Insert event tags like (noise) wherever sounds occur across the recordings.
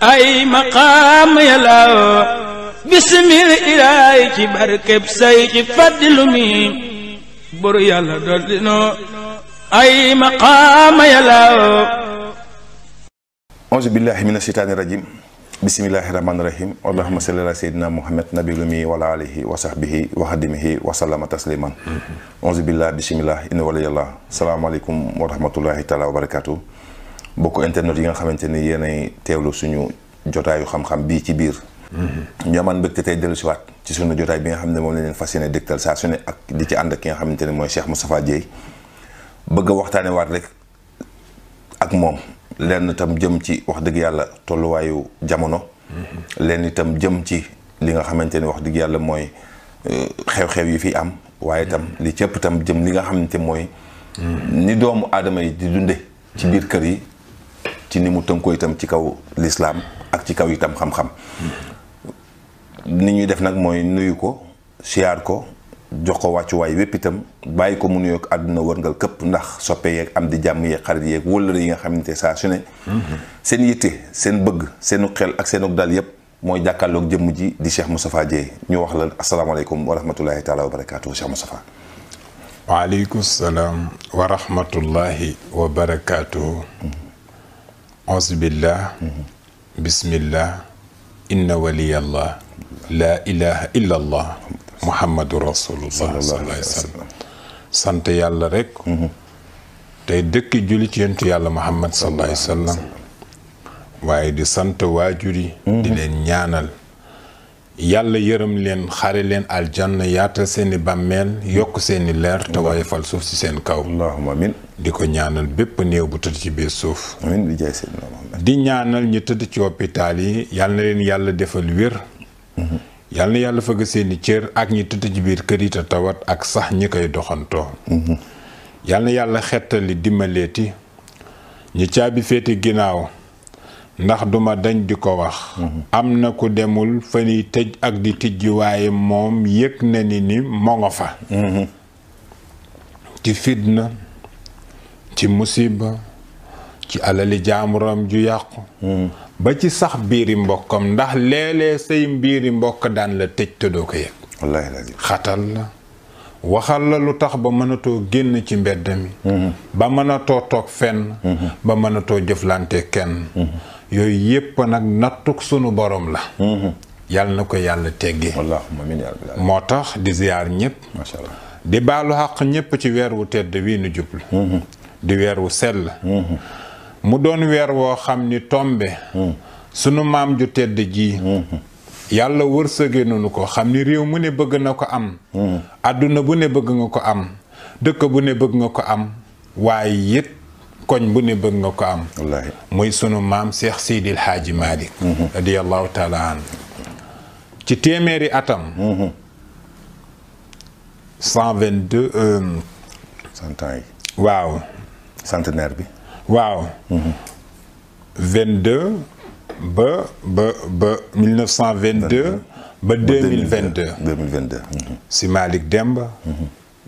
ay maqaam yàllaaw bisimil ilaay ci barkeb say ci fàddilu mi buru yàlla dool dinoo ay maqaam yàllaaw auzu billahi min ashitaani rajim bismillahi rahmaani rahim allahuma salli ala sayyidina muhammad nabilu mi wala alihi wa sahbihi wa xadimihi wa sallama tasliman auzu billah bisimillah inna waliyallah salaamaaleykum wa rahmatullahi taala wa barakatuh bokk internet yi nga xamante ni yéenay teewlu suñu jotaayu xam-xam bii ci biir mhm. ñu amaan mbégte tey dellusiwaat ci suñu jotaay bi nga xam ne moom la leen fas yéene dégtal ak di ci ànd ak ki nga xamante ne mooy Cheikh Moustapha Dieye bëgg a waxtaane waat rek ak moom lenn itam jëm ci wax dëgg yàlla tolluwaayu jamono mhm. lenn itam jëm ci li nga xamante ne wax dëgg yàlla mooy euh, xew-xew yi fi am waaye itam mhm. li cëpp itam jëm li nga xamante mooy ni doomu aadama yi di dunde ci biir kër yi ci ni mu tënkoo itam ci kaw lislaam ak ci kaw itam xam-xam ni ñuy def nag mooy nuyu ko siyaar ko jox ko wàccuwaay wépp itam bàyyi ko mu nuyoog àdduna wërngal këpp ndax soppe yeeg am di jàmm yeeg xarit yeeg wëllëre yi nga xamante saa su ne seen yitte seen bëgg seenu xel ak seenu dal yépp mooy jàkkaarloog jëmm ji di Cheikh Moustapha Dieye ñu wax la asalaamaaleykum wa rahmatullahi taala wa barakaatu Cheikh Moustapha waaleykum salaam wa auzubillah bismillah inna waliyallah laa ilaha illa allah muhammadu rasulullah sallallahu alayhi wa yàlla rek tey dëkk julli ci yentu yàlla muhammad sallallahu alayhi wa sallam waaye di sant waajur yi di mhm. leen ñaanal yàlla yërëm leen xare leen aljanna yaatal seeni bàmmeel yokk seeni leer te wayefal suuf ci seen kaw allahumma di ko ñaanal bépp néew bu tëdd ci biir suuf di ñaanal ñu tëdd ci hôpital yi yàlla na leen yàlla defal wér mhm. yàlla yàlla fëgg seeni cër ak ñi tëdd ci biir kër yi te tawat ak sax ñi koy doxantoo mhm. yàlla na yàlla xettali dimbaleeti ñi caabi féete ginnaaw ndax duma dañ di ko wax mhm. am na ku demul fa ñuy tëj ak di tijji waaye moom yëg na ni ni mo fa mhm. ci fitna ci musiba ci alali jaamuram ju yàqu mhm. ba ci sax biiri mbokkam ndax léeg-léeg say mbiiri mbokk daan la tëj te doo ko yëg xatal la waxal la lu tax ba mënatoo génn ci mbedd mi ba mënatoo toog fenn ba mënatoo jëflante kenn yooyu yépp nag nattuk sunu borom la mhm. yàlla na ko yàlla teggee moo tax di ziyaar ñëpp macha di baalu xaq ñépp ci weer wu tedd wii nu jublu mhm. di weer wu sell mhm. mu doon weer woo xam ni tombe sunu maam ju tedd ji yàlla wërsëge nanu ko xam ni réew mu ne bëgg na ko am àdduna bu ne bëgg nga ko am dëkk bu ne bëgg nga ko am waaye it koñ bu ne bëgg nga ko am muy sunu maam Cheikh Seydil Hadji Malick mhm. radiyallahu taala an ci téeméeri atam mhm. cent vingt deux euh, cent ans yi waaw centenaire bi waaw mhm. vingt deux ba cent vingt deux ba deux mille vingt mille vingt deux si Malick Demba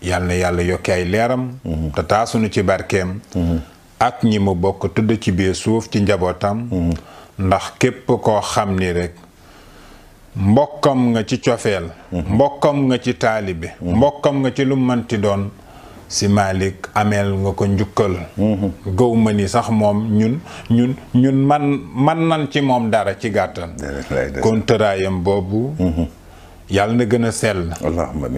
yàlla yàlla yokki ay leeram te taasunu ci barkeem ak ñi mu bokk tudd ci biir suuf ci njabootam mm. ndax képp koo xam ni rek mbokkam nga ci cofeel mm-hmm. mbokkam nga ci taalibe mm-hmm. mbokkam nga ci lu mënti doon si Malick ameel nga ko njukkal mm-hmm. gëw ni sax moom ñun ñun man man nan ci moom dara ci gàttal kontraayam boobu yàlla na gën a sell. allahumma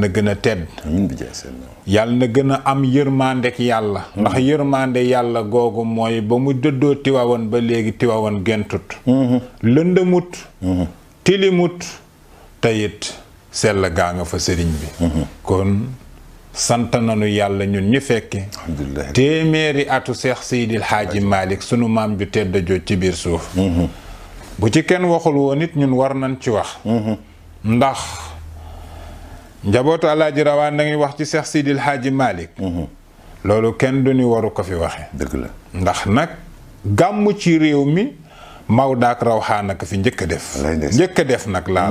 na gën a tedd. amiin na gën a am yërmandek yàlla. ndax yërmande yàlla googu mooy ba mu dëddoo tiwawoon ba léegi tiwawoon gentut. Mhm. lëndëmut. Mhm. tilimut. tayit sell gaa nga fa sëriñ bi. Mhm. kon sant nañu yàlla ñun ñu fekke. alhamdulilah téeméeri atu seex Seydil Xaaji Malick sunu maam ju tedd joo ci biir suuf. bu ci kenn waxul woon it ñun war nañ ci wax. ndax njabootu alaaji rawaan da ngay wax ci Seex Sidil Haaji Malick mhm. loolu kenn du ni waru ko fi waxe dëgg la ndax nag gàmmu ci réew mi Maodo ak Rawaan ak fi njëkk a def. njëkk a def nag laa la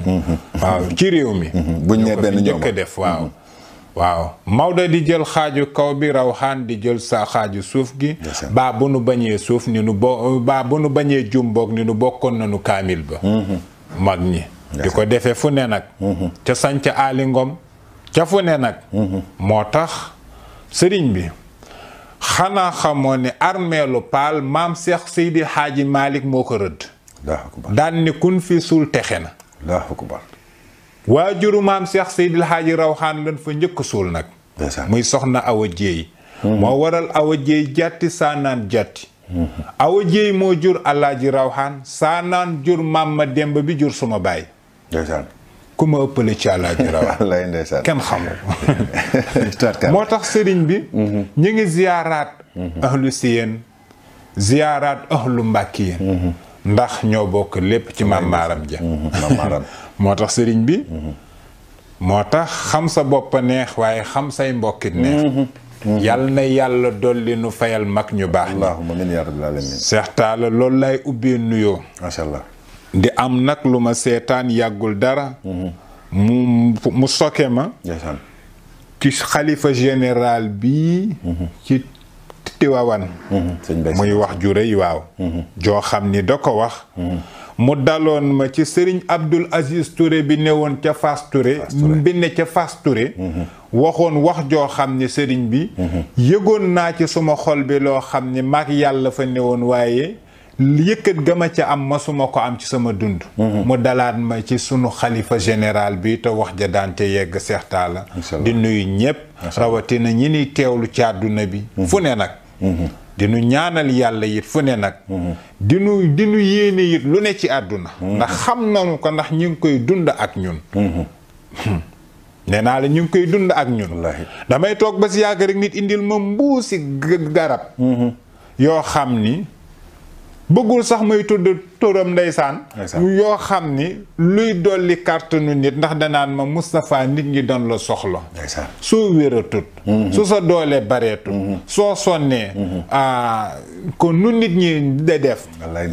mhm. waaw ci réew mi. Mhm. bu nee benn njëkk a def waaw. waaw Maodo di jël xaaju kaw bi Rawaan di jël sa xaaju suuf gi. baa bu nu bañee suuf ni nu bo baa nu bokkoon nañu kaamil ba. mag ñi. di ko defee fu ne nag ca sanc aali ngom ca fu ne nag moo tax sëriñ bi xanaa xamoo ne armeelu paal maam seex Seydi Hadji Malick moo ko rëdd daan ni kun fi suul texe na waa akbar waajuru maam Cheikh Seydi xaaji Rawxaan lan fa njëkk suul nag muy soxna Awa Jéey moo waral Awa Jéey jàtti saanaan jàtti Awa Jéey moo jur Alaaji Rawxaan saanaan jur maam ma démb bi jur suma baay ndeysaan ku ma ëppale ci àllaa (laughs) jërawa kenn xamul (laughs) moo tax sëriñ bi mhm. ñu ngi ziyaaraat mhm. ahlu siyeen ziyaaraat ahlu yi mhm. ndax ñoo bokk lépp ci maam maaram ja (laughs) moo tax sëriñ bi moo tax xam sa boppa neex waaye xam say mbokkit neex yàlla na yàlla dolli nu fayal mag ñu baax ñi allahumma amiin yaa rabbal seex taala loolu lay ubbee nuyoo macha di am nag lu ma seetaan yàggul dara. Mhm. mu mu soke ma. ci xalifa général bi mhm. ci Tiwaawan. Mhm. muy wax ju rëy waaw. joo xam ni da ko wax. mu daloon ma ci Serigne Abdoul Aziz Touré bi newoon ca Fass Touré. bi ne ca Fass Touré. waxoon wax joo xam ne Serigne bi. yëgoon naa ci suma xol bi loo xam ne maag yàlla fa newoon waaye. yëkkat ga ma ca am masuma ko am ci sama dund mhm. mu dalaat ma ci sunu xalifa général bi te wax ja daante yegg seextaa la di nuyu ñépp rawatina ñi ni teewlu ci àdduna bi mhm. fu ne nag mhm. di nu ñaanal yàlla yit fu ne nag di nu di yéene yit lu ne ci àdduna ndax xam nanu ko ndax ñu ngi koy dund ak ñun (laughs) nee naa la ñu ngi koy dund ak ñun damay toog ba si yàgg rek nit indil ma mbuusi garab yoo xam ni bëggul sax may tudd turam ndeysaan yoo xam ni luy dolli kàttanu nit ndax danaan ma Moustapha nit ñi doon la soxla soo wératut mm-hmm. su sa doolee bareetut mm-hmm. soo sonnee mm-hmm. ah, kon nu nit ñi de def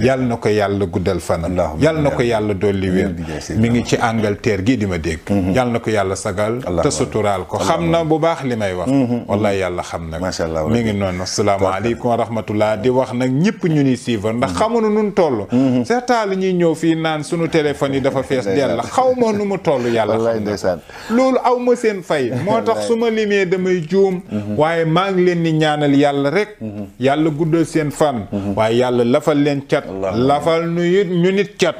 yàlla na ko yàlla guddal fanam yàlla na ko yàlla dolli wér mi ngi ci Angleterre gi di ma dégg yàlla na ko yàlla sagal te suturaal ko xam na bu baax li may wax wallaay yàlla xam na mi ngi noonu asalaamaaleykum wa rahmatullah di wax nag ñëpp ñu ni suivre ndax xamuñu nun toll seetaa mhm. li ñuy ñëw fii naan suñu téléphone yi dafa fees dell la xaw ma nu mu toll yàlla wallaay ndeysaan loolu aw ma seen fay (laughs) moo tax su ma limee damay juum mhm. waaye maa ngi leen di ñaanal yàlla rek mhm. yàlla guddal seen fan waaye yàlla lafal leen cat lafal nu it ñu nit cat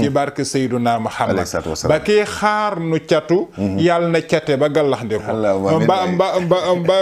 ci barke Seyduna Muhammad ba kii xaar nu catu yàlla na cate ba gallax ndiko ba ba ba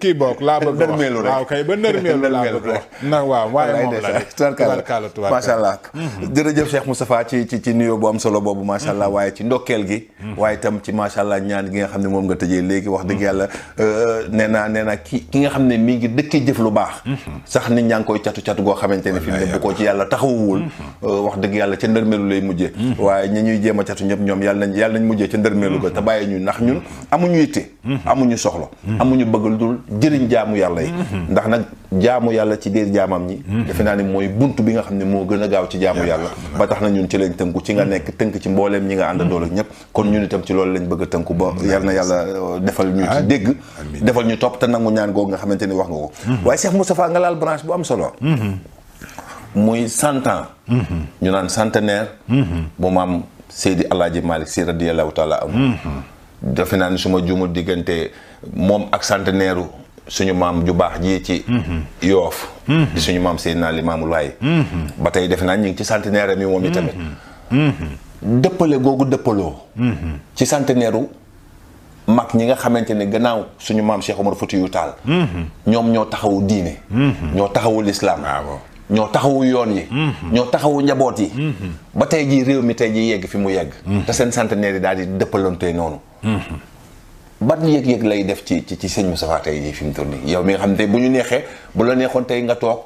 kii boog laa bëgg wax waaw kay ba nërmeelu laa bëgg wax na waaw waaye moom la rek tubarkalla tubarkalla jàpp mm-hmm. jërëjëf Cheikh Moustapha ci ci ci nuyoo bu am solo boobu macha allah mm-hmm. waaye ci ndokkeel gi mm-hmm. waaye tam ci macha allah ñaan gi nga xam ne moom nga tëjee léegi wax dëgg yàlla euh, euh, nee naa nee naa ki ki nga xam ne mi ngi dëkkee jëf lu baax sax nit ñaa ngi koy catu-catu goo xamante ne fi ne bu ko ci yàlla taxawuwul euh, wax dëgg yàlla ca ndërmeelu lay mujjee waaye ñi ñuy jéem a catu ñëpp ñoom yàlla nañ yàlla nañ mujjee ca ndërmeelu ko te bàyyi ñu ndax ñun amuñu yitte Mm-hmm. amuñu soxla mm-hmm. amuñu bëgg dul jëriñ jaamu yàlla yi mm-hmm. ndax nag jaamu yàlla ci biir jaamam ñi defe naa ne mooy bunt bi nga xam ne moo gën a gaaw ci jaamu yàlla ba tax na ñun ci lañ tënku ci nga nekk tënk ci mbooleem ñi nga ànda dool ak ñëpp kon ñun itam ci loolu lañ bëgg a tënku ba yal na yàlla euh, defal ñu dégg defal ñu topp te nangu ñaan googu nga xamante ni wax nga ko waaye Cheikh Moustapha nga laal branche bu am solo muy cent ñu naan centenaire bu maam Seydi defe naa ne su ma diggante moom ak centenaire suñu maam ju baax ji ci mhm. yoof mhm. di suñu maam Seydina Limaamu Laay mhm. ba tey defe naa ñu ngi ci centenaire mi moom itamit dëppale googu dëppaloo ci centenaire u mag ñi nga xamante ne gannaaw suñu maam Cheikh Omar Foutiyou taal ñoom ñoo taxawu diine ñoo taxawu lislaam ah, ñoo taxawu yoon yi ñoo taxawu njaboot yi ba tey jii réew mi tey jii yegg fi mu yegg te seen centenaire yi daal di dëppalantee noonu ban yëg-yëg lay def ci ci ci sëñ Moustapha tey jii fi mu toll nii mi nga xam ne tey bu ñu neexee bu la neexoon tey nga toog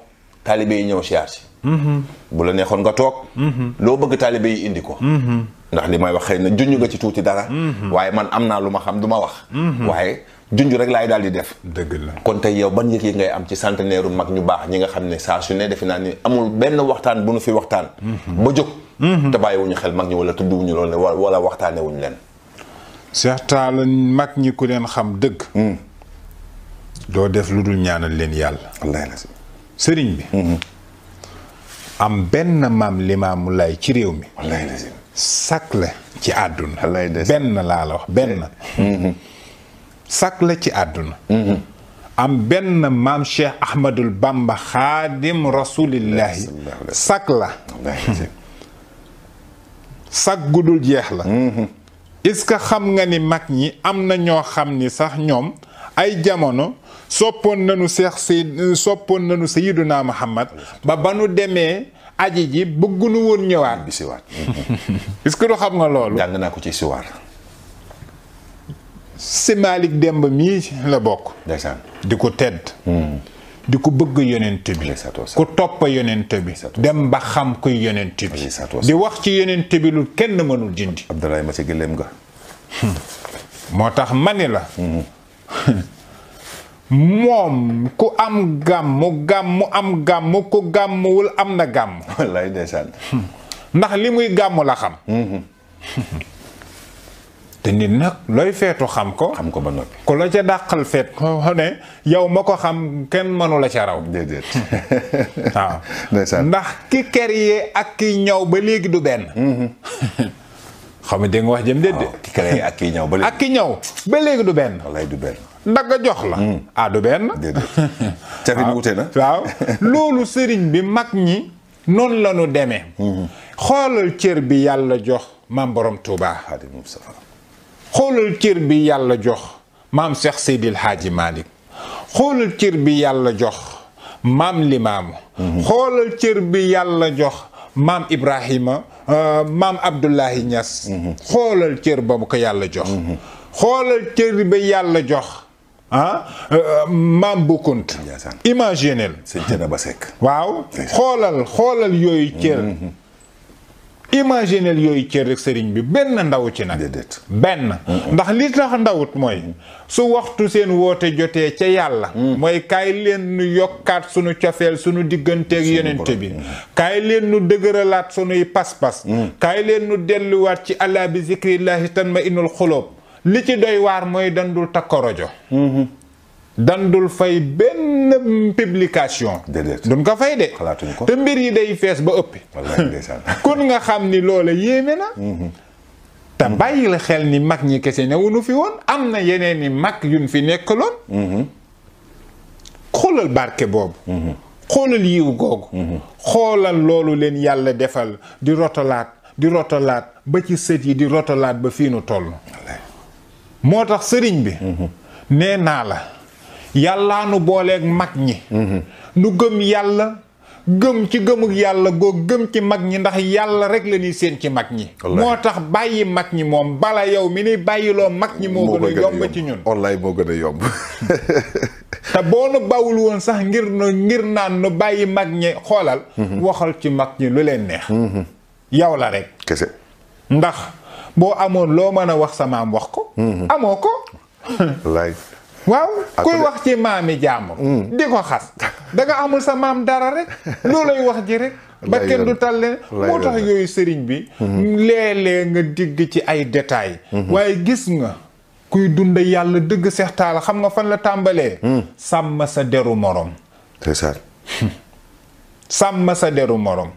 taalibe yi ñëw siyaar si. Mm-hmm. bu la neexoon nga toog. Mm-hmm. loo bëgg taalibe yi indi ko. Mm-hmm. ndax li may wax xëy na junj nga ci tuuti dara. waaye man am naa lu ma xam du ma wax. waaye junj rek laay daal di def. dëgg la kon tey yow ban yëg-yëg ngay am ci centenaire mag ñu baax ñi nga xam ne saa su ne defe naa ni amul benn waxtaan bu nu fi waxtaan. ba jóg. te bàyyiwuñu xel mag ñi wala tudd wuñu loolu wala waxtaanee Cheikh Talla mag ñi ku leen xam dëgg. Hmm. doo def lu dul ñaanal leen yàlla. wallaahi sëriñ bi. Hmm. am benn maam limaamu lay ci réew mi. wallaahi la ci àdduna. wallaahi benn laa la wax benn. Hmm. sakk la ci àdduna. am benn maam Cheikh Ahmadul Bamba xaadim rasulillahi. sakk la. sakk gudul jeex la. est-ce que xam nga ni mag ñi am na ñoo xam ni sax ñoom ay jamono soppoon nañu seex say soppoon nañu naa Muhammad ba ba nu demee aji ji bëgguñu woon ñëwaat bi siwaat (laughs) est que du xam nga loolu jàng naa ko ci siwaar si Malick Demba mii la bokk ndeysaan di ko tedd hmm. di ku bëgg yonent bi ku topp yonent bi dem ba xam kuy yonent bi di wax ci yeneen bi lu kenn mënul dindi Abdoulaye ma si gëléem nga hmm. moo tax ma ni la hmm. (laughs) moom ku am gàmm gàmm am gàmm ku gàmmuwul am na gàmm (laughs) wallaay ndeysaan hmm. ndax li muy gàmm la xam (laughs) te nit nag looy feetu xam ko. xam ko ba noppi ku la ca dàqal feet. xam ne yow ma ko xam kenn mënu la ca raw. déedéet (laughs) waaw. ndax ki créé ak ki ñaw ba léegi du benn. Mm-hmm. (laughs) xam nga dégg nga wax jëm déedéet. ki créé ak ki ñëw ba léegi. ak ki ñëw du benn. wallaay du benn. ndaga jox la. Mm. ah du benn. déedéet (laughs) cafin wute na. waaw loolu sëriñ bi mag ñi noonu la deme demee. Mm-hmm. xoolal cër bi yàlla jox maam borom Touba. Xaadimu Mustafaa xoolal cër bi yàlla jox maam Cheikh Seydil Hadji Malick xoolal cër bi yàlla jox maam Limaamu mhm. xoolal cër bi yàlla jox maam Ibrahima euh, maam Abdullahi Niass mhm. xoolal cër ba ko yàlla jox mhm. xoolal cër bi yàlla jox ah euh, maam Boukounte imaginel sëñ Thiénaba Seck waaw xoolal xoolal yooyu cër imaginel yooyu cër rek sëriñ bi benn ndaw ci nag benn ndax li tax ndawut mooy su waxtu seen woote jotee ca yàlla mm. mooy kaay leen nu yokkaat sunu cofeel sunu digganteeg yonente bi mm. kaay leen nu dëgëralaat sunuy pas-pas mm. kaay leen nu delluwaat ci allah bi zikrillahi tan ma inul xuloob li ci doy waar mooy dandul takko rojo mm-hmm. dandul fay benn publication. déedéet duñ fay de. xalaatuñ ko te mbir yi day fees ba ëpp. (laughs) kon nga xam ni loola yéeme na. Mm-hmm. te bàyyi la xel ni mag ñi kese newuñu fi woon am na yeneen i mag yuñ fi nekk nekkaloon. Mm-hmm. xoolal barke boobu. Mm-hmm. xoolal yiw googu. xoolal loolu leen yàlla defal di rotalaat di rotalaat ba ci sët yi di rotalaat ba fii nu toll. moo tax sëriñ bi. nee naa la. yàllaa nu booleeg mag ñi mhm. nu gëm yàlla gëm ci gëmuk yàlla goo gëm ci mag ñi ndax yàlla rek la ñuy séen ci mag ñi moo tax bàyyi mag ñi moom bala yow mi ni bàyyiloo mag ñi moo gën a yomb ci ñun wallaay moo gën a yomb (laughs) te boo nu bawul woon sax ngir nu ngir naan nu bàyyi mag ñi xoolal mhm. waxal ci mag ñi lu leen neex mhm. yow la rek kese ndax boo amoon loo mën a wax sama maam wax ko amoo ko waaw kuy wax ci maami jàmbur hmm. di ko xas da amul sa maam dara rek loolu loolay wax ji rek (laughs) ba kenn du tal moo tax yooyu sëriñ bi hmm. léeg nga digg ci ay détails hmm. waaye gis nga kuy dund yàlla dëgg seex taal xam nga fan la tàmbalee sàmm sa deru morom c'est (laughs) deru morom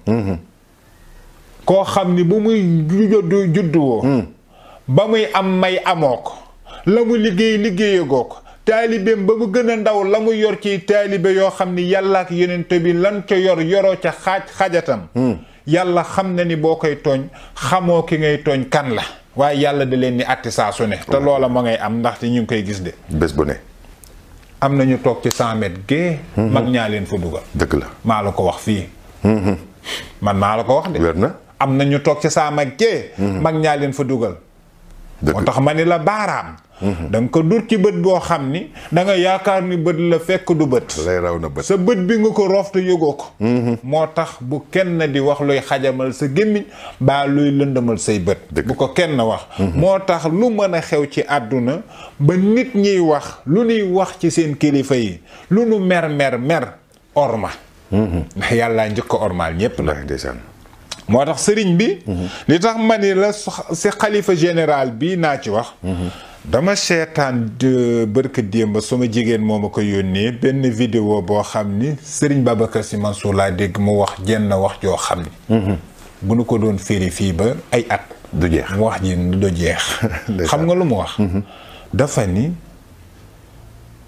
koo xam ni bu muy juddu judduwoo ba muy am may amoo ko la mu liggéey liggéeyagoo ko taalibeem ba mu gën a ndaw la mu yor ci taalibe yoo xam ni yàlla ak bi lan ca yor yoroo ca xaaj xajatam hmm. yàlla xam na ni boo koy tooñ xamoo ki ngay tooñ kan la waaye yàlla di leen ni àtte saa su ne te hmm. loola ma ngay am ndaxte ñu ngi koy gis de bés bu ne am na ñu toog ci cent mètres gee hmm. mag ñaa leen fa dugal dëgg maa la ko wax fii man maa la ko wax de na am na ñu toog ci cent mètres mag ñaa fa dugal moo tax ma ni la baaraam. Mhm. da nga ko dur ci bët boo xam ni da yaakaar ni bët la fekk du bët. na bët sa bët bi nga ko roofte te yëgoo ko. Mhm. moo tax bu kenn di wax luy xajamal sa gémmiñ baa luy lëndamal say bët. bu ko kenn wax. Mhm. moo tax lu mën a xew ci àdduna ba nit ñiy wax lu ñuy wax ci seen kilifa yi lu nu mer mer mer orma. yàlla yàllaa njëkk a ormaal ñëpp nag. moo tax sëriñ bi. Mhm. li tax ma ni la si xalifa général bi naa ci wax. Mhm. dama seetaan bërka démb sama jigéen moo ma ko yónnee benn video boo xam ni sëriñ Babacar Sy Mansour laa dégg mu wax jenn wax joo xam ni. Mhm. bu nu ko doon féeri fii ba ay at. du jeex wax ji jeex. (laughs) xam nga lu mu wax. dafa ni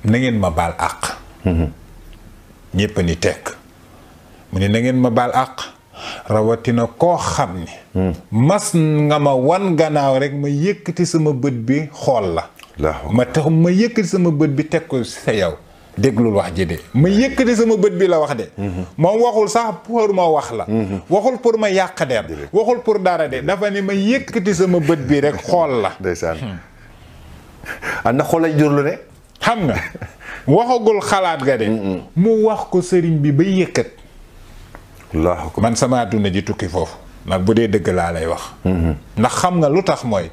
na ngeen ma baal àq. ñëpp ni tekk mu ni na ngeen ma baal àq. rawatina koo xam ne hmm. mas nga ma wan gannaaw rek ma yëkkati sama bët bi xool la ma tax ma yëkkati sama bët bi teg ko sa yow déglul wax ji de ma yëkkati sama bët bi la wax de hmm. moom waxul sax pour ma wax la hmm. waxul pour ma yàq der waxul pour dara de dafa ne ma sama bët bi rek xool la ndeysaan am na xoolay jurlu ne xam nga waxagul xalaat ga de mu wax ko sëriñ bi ba yëkkat man sama àdduna ji tukki foofu ndax bu dee dëgg laa lay wax mhm. ndax xam nga lu tax mooy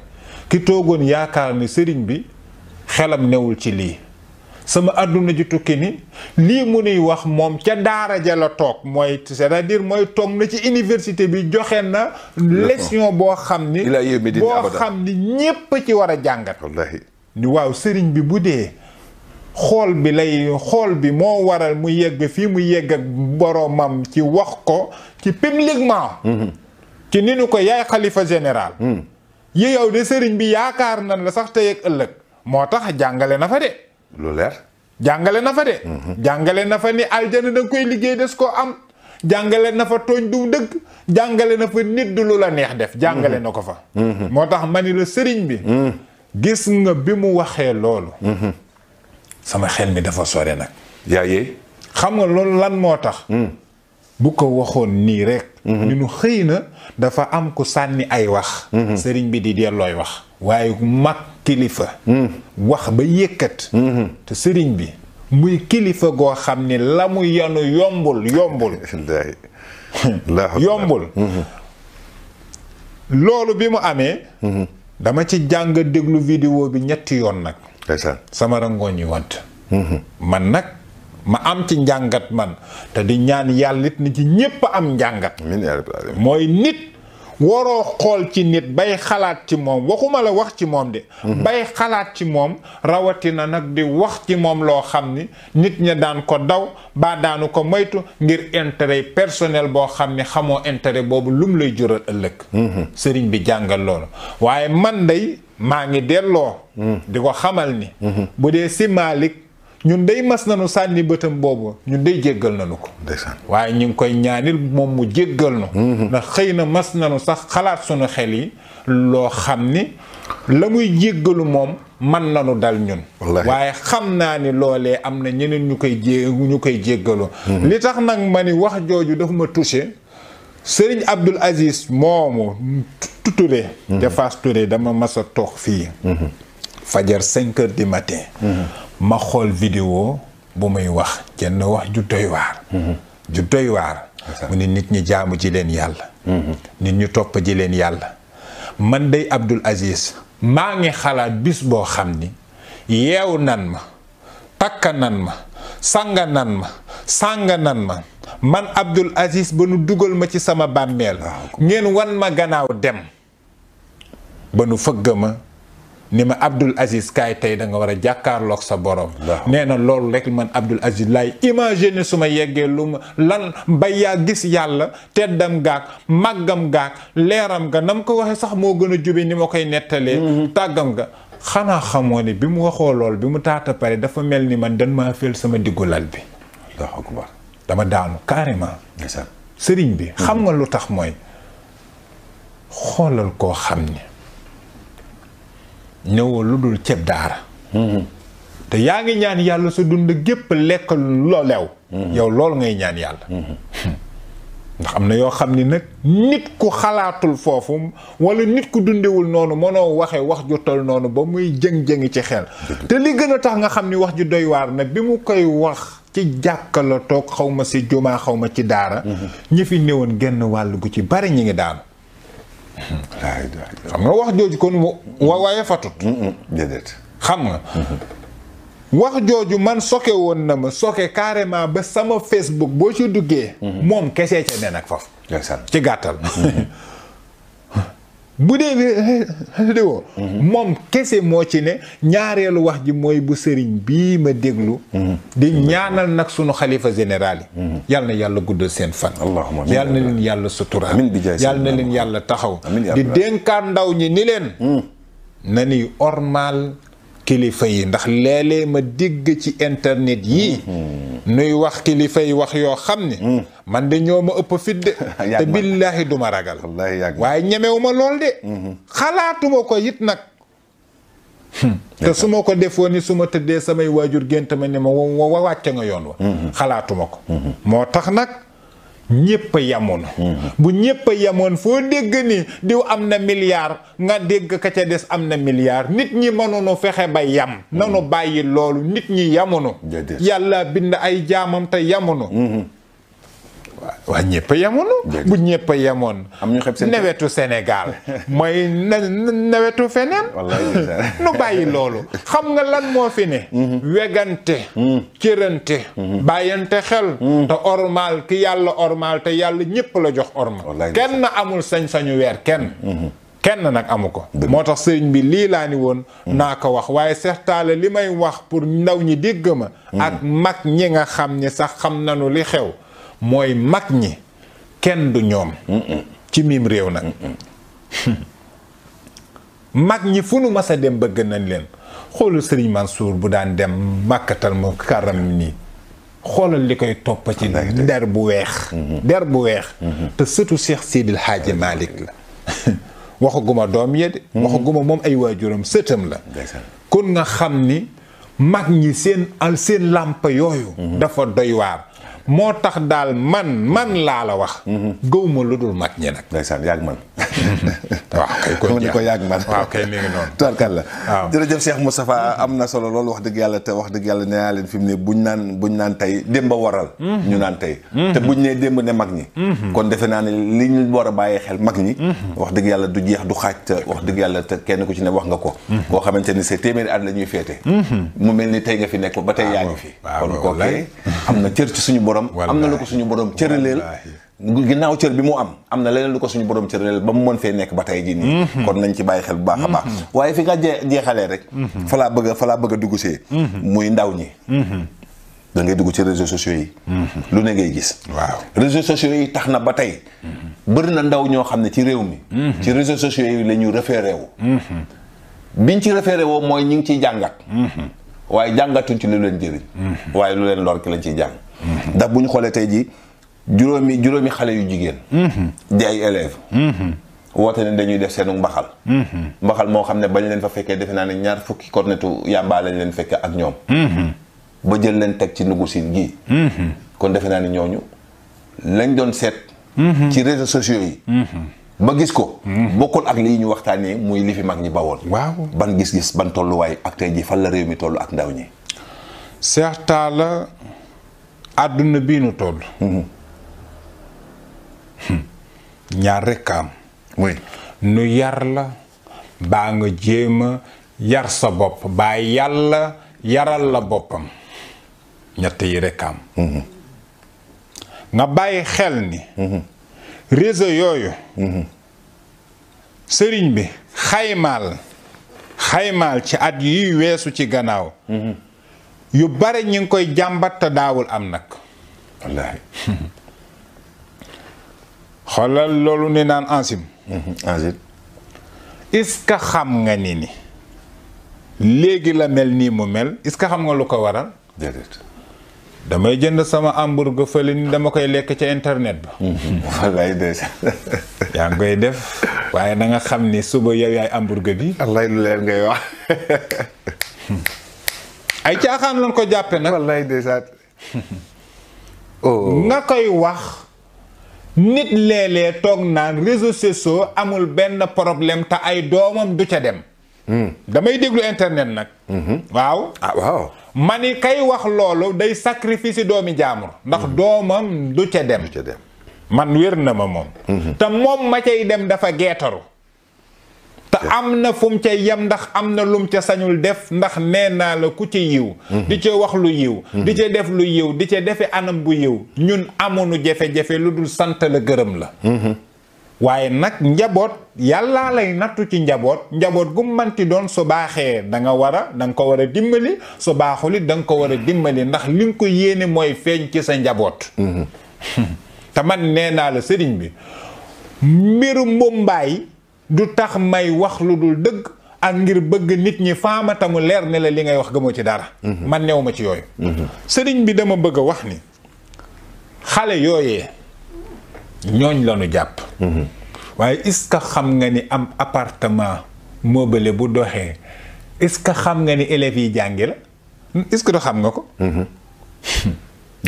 ki toogoon yaakaar ni sëriñ bi xelam newul ci lii sama àdduna ji tukki ni lii mu nuy wax moom ca daara ja la toog mooy c'est-à-dire mooy toog na ci université bi joxe na leçon boo xam ni boo xam ni ñépp ci war a jàngat ni waaw sëriñ bi bu dee xool bi lay xool bi moo waral mu yegg fii mu yegg ak boromam ci wax ko ci publiquement mhm. ci ninu ko yaay xalifa général mhm. yi yow de sëriñ bi yaakaar na la sax tey ak ëllëg moo tax jàngale na fa de lu leer jàngale na fa mhm. jàngale na fa ni aljana da nga koy liggéey des koo am jàngale na fa tooñ du dëgg jàngale na fa nit du lu la neex def jàngale na ko fa moo tax ma ni la sëriñ bi gis nga bi mu waxee loolu sama xel mi dafa sore nag. yaaye. xam nga loolu lan moo tax. Hmm. bu ko waxoon nii rek. Hmm. ni nu xëy na dafa am ku sànni ay wax. Hmm. sëriñ bi di dellooy wax. waaye mag kilifa. wax ba yëkkat. te sëriñ bi. muy kilifa goo xam ni la mu yanu yombul yombul. (laughs) yombul. loolu bi mu amee. dama ci jàng déglu vidéo bi ñetti yoon nag. sama rangoon ñu want man nag ma am ci njàngat man te di ñaan yàlla it na ci ñépp am njàngat mooy nit waroo xool ci nit bay xalaat ci moom waxuma la wax ci moom de mhm. bay xalaat ci moom rawatina nag di wax ci moom loo xam ni nit ña daan ko daw baa daanu ko moytu ngir intérêt personnel boo xam ni xamoo intérêt boobu lum lay jural ëllëg mhm. sëriñ bi jàngal loolu waaye man day maa ngi delloo hmm. di ko xamal ni hmm. bu dee si Malick ñun day mas nanu sànni bëtam boobu ñun day jéggal nanu ko waaye ñu ngi koy ñaanil moom mu jéggal nu hmm. ndax xëy na mas nanu sax xalaat sunu xel yi loo xam ni la muy jéggalu moom man nanu dal ñun waaye xam naa ni loolee am na ñeneen ñu koy jé ñu koy jéggaloo li tax nag ma ni wax jooju dafa ma touché Serigne Abdoul Aziz moomu Bintu Touré. te mhm. ture dama mas a toog fii. Mhm. fajar cinq heures du matin. Mhm. ma xool vidéo bu muy wax jenn wax ju doy ju doy mu ni nit ñi jaamu ji leen yàlla. nit ñu topp ji leen yàlla. man day Abdoul Aziz maa ngi xalaat bis boo xam ni yeew nan ma takka nan ma sànga nan ma sànga nan ma man Abdoul Aziz ba nu dugal ma ci sama bàmmeel ngeen wan ma gannaaw dem ba nu fëgg ma ni ma abdul Aziz kaay tey danga war a jàkkaarlook sa borom. nee na loolu rek man Abdoul Aziz laay imaginer su ma yeggee lu ma lan ba yaa gis yàlla teddam gaag màggam gaag leeram ga na mu ko waxee sax moo gën a jube ni ma koy nettalee. Mm-hmm. tàggam ga xanaa xamoo ne bi mu waxoo lool bi mu taata pare dafa mel ni man dan maa fël sama diggu lal bi. dama daanu carrément. sëriñ bi xam mm-hmm. nga lu tax mooy xoolal koo xam ni. ñëwoo lu dul ceeb daara te yaa ngi ñaan yàlla sa dund gépp lekk loo leew yow loolu ngay ñaan yàlla ndax am na yoo xam ni nag nit ku xalaatul foofu wala nit ku dundewul noonu mënoo waxe wax ju tol noonu ba muy jëng-jëng ci xel te li gën a tax nga xam ni wax ju doy waar na bi mu koy wax ci jàkka toog xaw ma si jumaa xaw ma ci daara ñi fi néewoon genn wàll gu ci bari ñu ngi daanu xam nga wax jooju kon wa waaye fatut. Mm, mm, déedéet. xam nga. wax jooju man soke woon na ma soke carrément ba sama Facebook boo ci duggee. Mm-hmm. moom kesee ca ne nag foofu. ci gàttal. Mm-hmm. bu dee vidéo mhm. moom kese moo ci ne ñaareelu wax ji mooy bu sëriñ bii ma déglu mhm. di ñaanal nag sunu xalifa général yi mhm. yal na yàlla guddal seen fan yal na leen yàlla suturaal yal yàlla taxaw di dénkaat ndaw ñi ni leen na nuy ormaal kilifa yi ndax léeg-léeg ma digg ci internet yi nuy wax kilifa yi wax yoo xam ni hmm. man de ñoo ma ëpp fit de (laughs) te billaahi duma ragal waaye ñemewuma lool de hmm. xalaatuma ko it nag hmm. te su ma ko defoon ni su ma tëddee samay waajur gént ma ne ma wàcce nga yoon wa xalaatuma ko moo tax nag ñëpp a yamoon mhm. bu ñëpp a yamoon foo dégg ni diw am na milliard nga dégg ka ca des am na milliard nit ñi mënunu fexe ba yam mhm. nanu bàyyi loolu nit ñi yamunu yàlla bind ay jaamam te yamunu mhm. waa ñëpp a bu ñëpp a yemoon. am ñu xeb seen nawetu Sénégal (laughs) mooy na nawetu feneen. (laughs) nu bàyyi loolu. xam nga lan moo fi ne. Mm-hmm. wegante. Mm-hmm. cërante. Mm-hmm. bàyyante xel. te ormal ki yàlla ormal te yàlla ñëpp la jox ormal. kenn amul sañ-sañu weer kenn. kenn nag amu ko moo tax sëriñ bi lii laa ni woon naa ko wax waaye seextaale li may wax pour ndaw ñi dégg ma ak mag ñi nga xam ni sax xam nanu li xew mooy mag ñi kenn du ñoom ci miim réew nag (laughs) mag ñi fu nu mas a dem bëgg nañ leen xoolal Serigne Mansour bu daan dem màkkatal mu karam nii xoolal li koy topp ci der bu weex mm-hmm. der bu weex mm-hmm. te sëtu Cheikh Sidil Hadji Malick la (laughs) waxaguma doom yee de mm-hmm. waxaguma moom ay waajuram sëtam la kon nga xam ni mag ñi seen al seen làmp yooyu dafa doy waar moo tax daal man man laa la wax. Mm-hmm. gëwuma lu dul mag ñi nag. ndeysaan yàgg man. waaw kay kon ni ko yàgg man waaw kay mi ngi noonu tubaarkal la waaw jërëjëf Cheikh Moustapha am na solo loolu wax dëgg yàlla te wax dëgg yàlla nee naa leen fi mu ne buñ naan buñ naan tey démb a waral mhm. ñu naan tey mhm. te buñ nee démb ne mag ñi mhm. kon defe naa ne li ñu war a bàyyee xel mag ñi wax dëgg yàlla du jeex du xaaj te wax dëgg yàlla te kenn ku ci ne wax nga ko koo xamante ni c'est téeméeri at la ñuy féete mu mel ni tey nga fi nekk ba tey ah, yaa kon kooke am na cër ci suñu borom am na la ko suñu borom cëraleel ginnaaw cër bi mu am am na leneen lu ko suñu borom cëraleel ba mu mën fee nekk ba tey jii nii mhm. kon nañ ci bàyyi xel bu baax a baax mhm. waaye fi nga jeexalee rek mhm. fa laa bëgg a fa laa bëgg dugg see muy ndaw ñi dangay ngay dugg ci réseaux sociaux yi lu ne ngay gis waaw réseaux sociaux yi tax na ba tey bëri na ndaw ñoo xam ne ci réew mi ci réseaux sociaux yi la ñu référé wu biñ ci référé woo mooy ñi ngi ciy jàngat waaye jàngatuñ ci lu leen jëriñ waaye lu leen lor ciy jàng ndax bu xoolee tey jii juróomi juróomi xale yu jigéen. Mm-hmm. di ay élèves. Mm-hmm. woote ne dañuy def seenu mbaxal. Mm-hmm. mbaxal moo xam ne bañ leen fa fekkee defe naa ne ñaar fukki cornetu yàmbaa lañ leen fekkee ak ñoom. ba jël leen teg ci nugu siin gii. kon defe naa ne ñooñu lañ doon seet. ci réseaux sociaux yi. ba gis ko. bokkul ak li ñu waxtaan waxtaanee muy li fi mag ñi ba waaw ban gis-gis ban tolluwaay ak tey ji fan la réew mi toll ak ndaw ñi. seex taala àdduna bii nu toll. ñaar rekk am nu yar la baa nga jéema yar sa bopp baa yàlla yaral la boppam ñett yi rekk am mm-hmm. nga bàyyi xel ni mm-hmm. réseau yooyu mm-hmm. sëriñ bi xaymaal xaymaal ci at yuy weesu ci gannaaw yu bare ñu ngi koy jàmbat daawul am nag (laughs) xoolal loolu ni naan enzyme enzyme est xam nga ni ni léegi la mel nii mu mel est-ce que xam nga lu ko waral damay jënd sama hamburger fële ni dama koy lekk ca internet ba mhm, (laughs) (laughs) yaa ngi koy def waaye da nga xam ni suba yow yaay hamburger bi wallaay lu leen ngay wax (laughs) ay caaxaan lañ ko jàppe nag wallaay ndeysaan nga koy wax nit léeg-léeg toog naa réseaux sociaux amul benn problème te ay doomam du ca dem. Hmm. damay déglu internet nag. Hmm. waaw. ah waaw. kay wax loolu day sacrifice doomi jaamur. ndax hmm. doomam du ca dem. du ca dem man wér na ma moom. te moom ma cay dem dafa geetaru te am na fum mu ca yem ndax am na lum ca sañul def ndax nee naa la ku ci yiw mm-hmm. di ca wax lu yiw mm-hmm. di ca def lu yiw di ca defe anam bu yiw ñun amoonu jafe-jafe lu dul sant la gërëm la mm-hmm. waaye nag njaboot yàlla lay nattu ci njaboot njaboot gu manti doon su baaxee danga war a danga ko war a dimbali su baaxul it danga ko war a dimbali ndax li nga ko yéene mooy feeñ ci sa njaboot (laughs) te man nee naa la sëriñ bi mbiru mbumbaay du tax may wax lu dul dëgg ak ngir bëgg nit ñi faama leer ne la li ngay wax gëmoo ci dara mhm. man new ma ci yooyu mhm. sëriñ bi dama bëgg a wax ni xale yooyee ñooñ lañu jàpp mhm. waaye est-ce xam nga ni am appartement meublé bu doxee est-ce que xam nga ni élèves yi jàngi la est-ce que do xam nga ko hmm.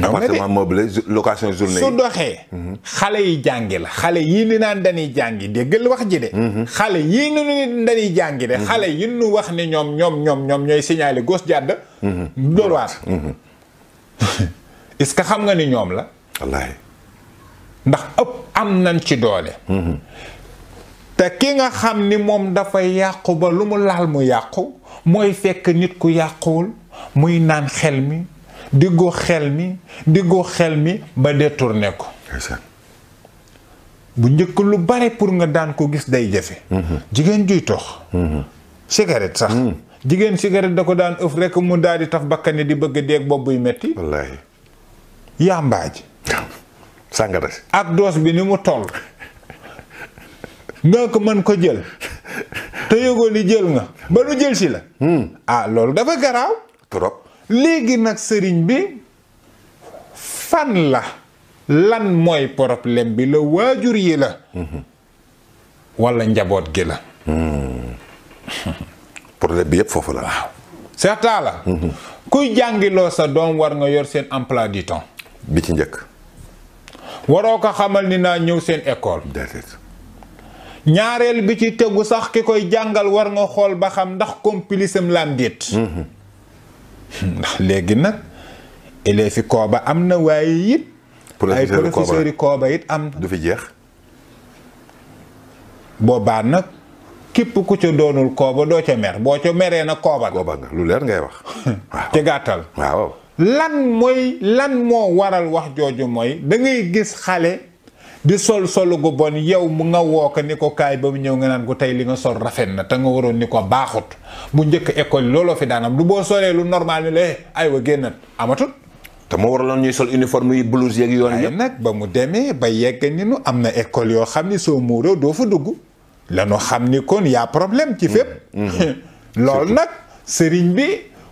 appartement meublé location journée su doxee. xale yi jàngi la xale yii ni naan dañuy jàngi déggal wax ji de. Mhm. xale yi ni naan dañuy jàngi de. Mhm. xale yi nu wax ni ñoom ñoom ñoom ñoom ñooy signalé gos jàdd. Dóor waar. ce que xam nga ni ñoom la. wallaahi. ndax ëpp am nañ ci doole. Mhm. te ki nga xam ni moom dafay yàqu ba lu mu laal mu yàqu mooy fekk nit ku yàquwul muy naan xel mi. diggoo xel mi diggoo xel mi ba détourné ko bu njëkk lu bare pour nga daan ko gis day jafe mhm. jigéen juy tox mhm. cigarette sax mhm. jigéen cigarette da ko daan ëf rek mu daal di taf bakkane di bëgg deeg bopp buy metti wallaahi yàmbaaj (laughs) sàngara ak doos bi ni mu toll nga ko mën ko jël (laughs) te yëgoo ni jël nga ba nu jël si la hmm. ah loolu dafa garaaw trop léegi nag sëriñ bi fan la lan mooy problème bi la waajur yi la mhm. wala njaboot gi la hmm. (laughs) problème bi yëpp foofu la waaw Cheikh Talla mhm. kuy jàngiloo sa doom war nga yor seen emploi du temps bi ci njëkk waroo ko xamal ni naa ñëw seen école ñaareel bi ci tegu sax ki koy jàngal war nga xool ba xam ndax complice am déet mhm. ndax léegi nag élèves yi kooba am na waaye it. ay professeurs kooba it am na. du fi jeex. boobaa nag képp ku ca doonul kooba doo ca mer boo ca meree na kooba. kooba nga lu leer ngay wax. (laughs) te lan mooy lan moo waral wax jooju mooy dangay gis xale. di sol solu gu bon yow mu nga woo ko ni ko kaay ba mu ñëw nga naan ko tey li nga sol rafet na te nga waroon ni ko baaxut mu njëkk école looloo fi daanam lu boo solee lu normal ni la wa génnat amatut te moo war a waraloon ñuy sol uniforme yi blouse yeeg yoon yëpp nag ba mu demee ba yegg ni nu am na école yoo xam ni soo muuroo doo fa dugg la nu xam ni kon yaa problème ci fépp mm, mm. (laughs) lool nag sëriñ bi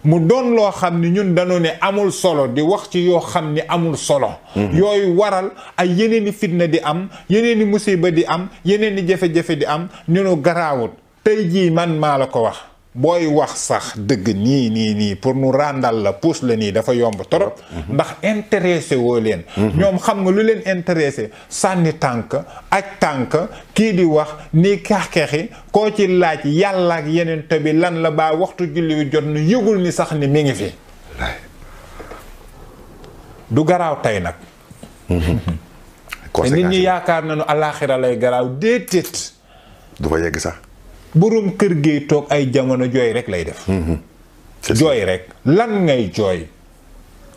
mu doon loo xam ni ñun dañoo ne amul solo di wax ci yoo xam ni amul solo mhm. yooyu waral ay yeneeni fitna di am yeneen i musiba di am yeneen i jafe di am ñu nu garaawut tey jii man maa la ko wax booy wax sax dëgg nii nii nii pour nu ràndal la pousse la nii dafa yomb torop mhm. ndax intéressé woo leen mhm. ñoom xam nga lu leen intéressé sànni tànk ak tànk kii di wax ni kax-kexi koo ci laaj yàlla ak yeneen te bi lan la baa waxtu julli wi jot nu yëgul ni sax ni mi ngi fi du garaaw tey nag mhm. (laughs) te nit ñi yaakaar nañu alaxira lay garaaw déetéet du fa yegg sax boroom kër gee toog ay jamono jooy rek lay def mhm. jooy rek lan ngay jooy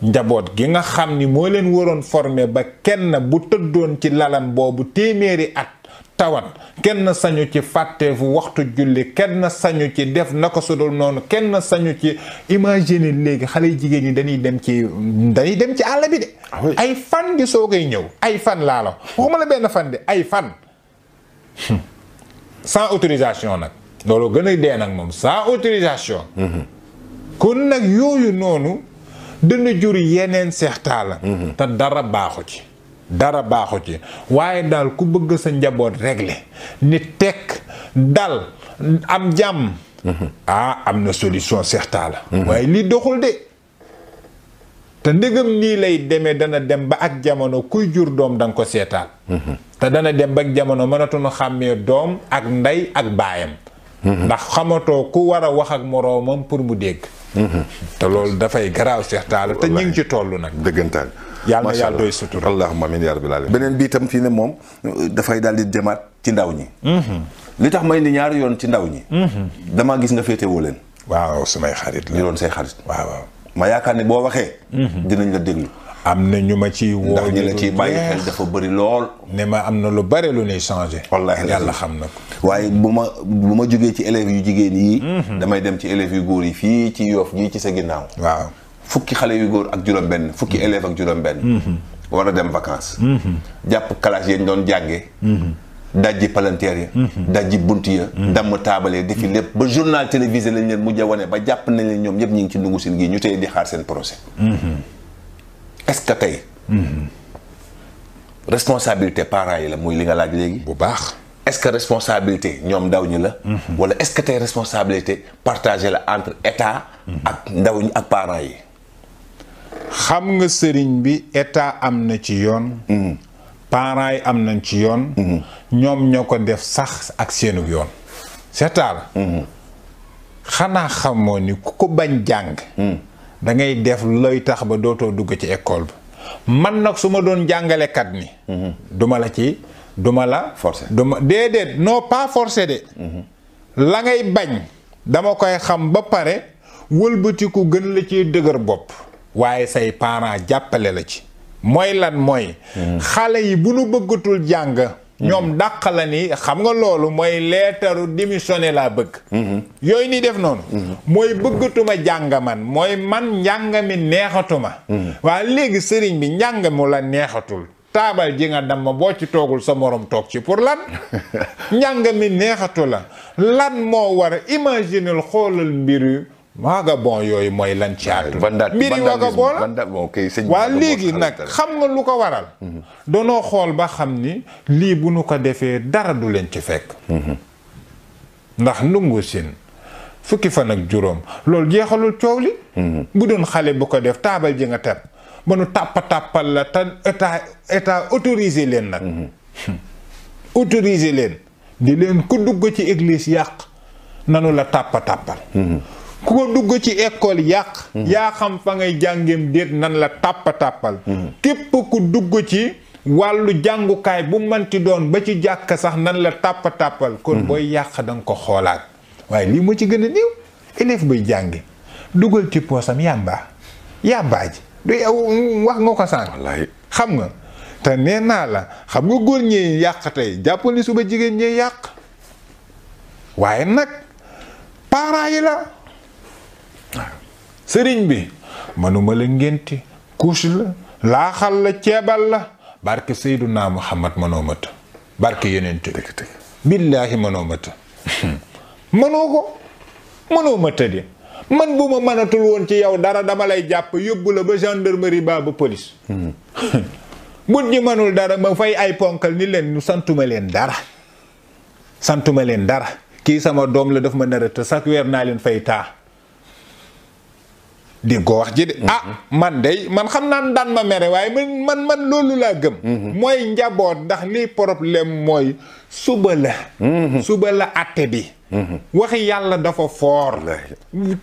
njaboot gi nga xam ni moo leen waroon formé ba kenn bu tëddoon ci lalam boobu téeméeri at tawan kenn sañu ci fàtteefu waxtu julli kenn sañu ci def naka su dul noonu kenn sañu ci imaginer léegi xale yu jigéen ñi dañuy dem ci dañuy dem ci àll bi de ah ay fan di soo koy ñëw ay fan laa la waxuma la benn fan di ay fan sans autorisation nag loolu gën a dee nag moom sans autorisation mhm. kon nag yooyu noonu dana jur yeneen seextaala mhm. te dara baaxu ci dara baaxu ci waaye daal ku bëgg sa njaboot régler nit tekk dal am jàmm mhm. ah am na solution seextaala waaye lii doxul de te ndegam nii lay demee dana dem ba ak jamono kuy jur doom danga ko seetaan te dana dem ba jamono mënatuñu xàmmee doom ak ndey ak baayam mhm. ndax xamatoo ku war a wax ak moroomam pour mu dégg mhm. te loolu dafay garaaw seex taala te ñu ngi ci toll nag dëggantaan yàlla na yàlla doy sutura allahumma amin yaa rabbil alamin beneen bi itam fii ne moom euh, dafay daal di demaat ci ndaw ñi mhm. li tax may ni ñaari yoon ci ndaw ñi damaa gis nga féetewoo leen waaw sumay xarit la ñu doon say xarit waaw waaw ma yaakaar ne boo waxee dinañ la déglu am na ñu ma ci woo. ndax la ci bàyyi xel dafa bëri lool. ne ma am na lu bare lu ñuy changé. wallaahi yàlla xam na ko. waaye bu ma bu ma jógee ci élèves yu jigéen yi. Mhm. damay dem ci élèves yu góor yi fii ci Yoff gii ci sa ginnaaw. waaw fukki xale yu góor ak juróom-benn fukki mhm. élèves ak juróom-benn. Mhm. war a dem vacances. jàpp kalaas yañ doon jàngee. dajji palanteer ya dajji bunt ya damm taabalee defi lépp ba journal télévisé lañ leen mujj a wane ba jàpp nañ leen ñoom ñëpp ñu ngi ci ndungu seen gi ñu tey di xaar seen est-ce que tey. responsabilité parent yi la muy li nga laaj léegi. bu baax est-ce que responsabilité ñoom ndaw ñi la. wala est-ce que tey responsabilité partagée la entre état. ak ndaw ñi ak parent yi. xam nga sëriñ bi état am na ci yoon. Hmm. parent yi am nañ ci yoon. Hmm. ñoom ñoo ko def sax ak seenu yoon. seetaan. Hmm. xanaa xamoo ni ku ko bañ jàng. da ngay def looy tax ba dootoo dugg ci école bi man nag su ma doon jàngalekat ni mhm. duma la ci duma la forcé duma déedéet non pas forcé de mhm. la ngay bañ dama koy xam ba pare wëlbatiku gën la ciy dëgër bopp waaye say parents jàppale la ci mooy lan mooy mhm. xale yi bu nu bëggatul jàng ñoom dàq la ni xam nga loolu mooy leetaru démissionné laa bëgg yooyu ni def noonu mooy bëggatuma jàngaman mooy man njàng mi neexatuma waa léegi sëriñ bi njàng la neexatul taabal ji nga damm boo ci toogul sa morom toog ci pour lan (laughs) njàng mi neexatu la lan moo war a imaginer xoolal mbir vagabond yooyu mooy lan caatu mbiri vagabond la waa léegi nag xam nga lu ko waral mhm. danoo xool ba xam ni lii bu nu ko defee dara du leen ci fekk mhm. ndax ndungu sin fukki fan ak juróom loolu jeexalul coow li mhm. bu doon xale bu ko def taabal ji nga teb ba nu tàppa tàppal la ta état état autorise leen nag (laughs) autorisé leen di leen ku dugg ci église yàq nanu la tàppa tàppal ku ko dugg ci école yàq yaa xam fa ngay jàngeem déet nan la tàppa tàppal képp ku dugg ci wàllu jàngukaay bu manti doon ba ci jàkk sax nan la tàppa tàppal kon hmm. booy yàq danga ko xoolaat waaye lii moo ci gën a néew élève buy jàngi dugal ci poosam yàmbaa yàmbaa ji du wax nga ko sànq xam nga te nee naa la xam nga góor ñee yàq tey jàppal ni suba jigéen ñee yàq waaye nag parents la sëriñ bi manuma la ngénti couche la laaxal la ceebal la barke Seydunaa Muhammad manoo ma të barke yeneen të billaahi manoo ma të manoo ko manoo ma të di bu ma mënatul woon ci yow dara dama lay jàpp yóbbu la ba gendarmerie ba ba police bu hmm. (laughs) ñu mënul dara ma fay ay ponkal ni leen ñu santuma leen dara santuma leen dara kii sama doom la daf ma nar a weer naa leen fay taa ko wax ji de ah mhm. man day man xam naan daan ma mere waaye man man man loolu laa gëm mhm. mooy njaboot ndax lii problème mooy suba la mhm. suba la atte bi waxi yàlla dafa foor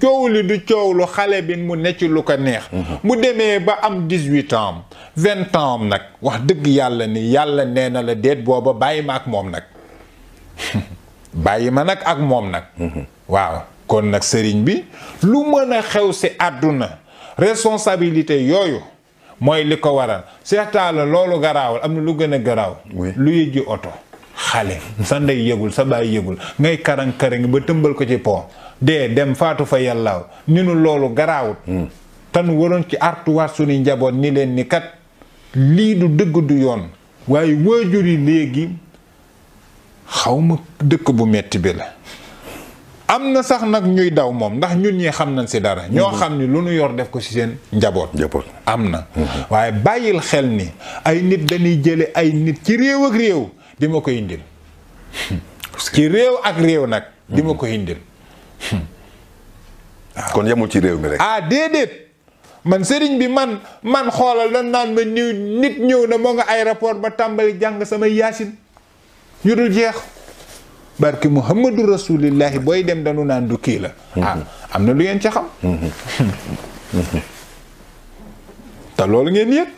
coow li du coow lu xale bi mu ne ci lu ko neex mu demee ba am dix-huit ans vingt ans nag wax dëgg yàlla ni yàlla nee na la déet booba bàyyi ma ak moom nag (laughs) bàyyi ma nag ak moom nag waaw kon nag sëriñ bi lu mën a xew si àdduna responsabilité yooyu mooy li ko waral Seex Taala loolu garaawal am na lu gën a garaaw lu yëjji oto xale sa ndey yëgul sa baay yëgul ngay karan karang ba tëmbal ko ci po dee dem faatu fa yàllaaw ni nu loolu garaawut hmm. tan waroon ci artuwaat suñu njaboot ni leen ni kat lii du dëgg du yoon waaye waajur yi léegi xaw ma dëkk bu metti bi la am na sax nag ñuy daw moom ndax ñun ñi xam nañ si dara mm-hmm. ñoo xam ni lu ñu yor def ko si seen njaboot am na mm-hmm. waaye bàyyil xel ni ay nit dañuy jële ay nit ci réew ak réew di ma ko indil ci réew ak réew nag di ma mm-hmm. ko indil (laughs) kon yemul ci réew mi rek ah déedéet man sëriñ bi man man xoolal dañ naan ma niw nit ñëw na moo ay aéroport ba tàmbali jàng samay yaasin ñu dul jeex barki muhammadu rasulillahi booy dem danu naan du kii la mhm. ah, am na lu ngeen ca xam mhm. Mhm. te loolu ngeen yëg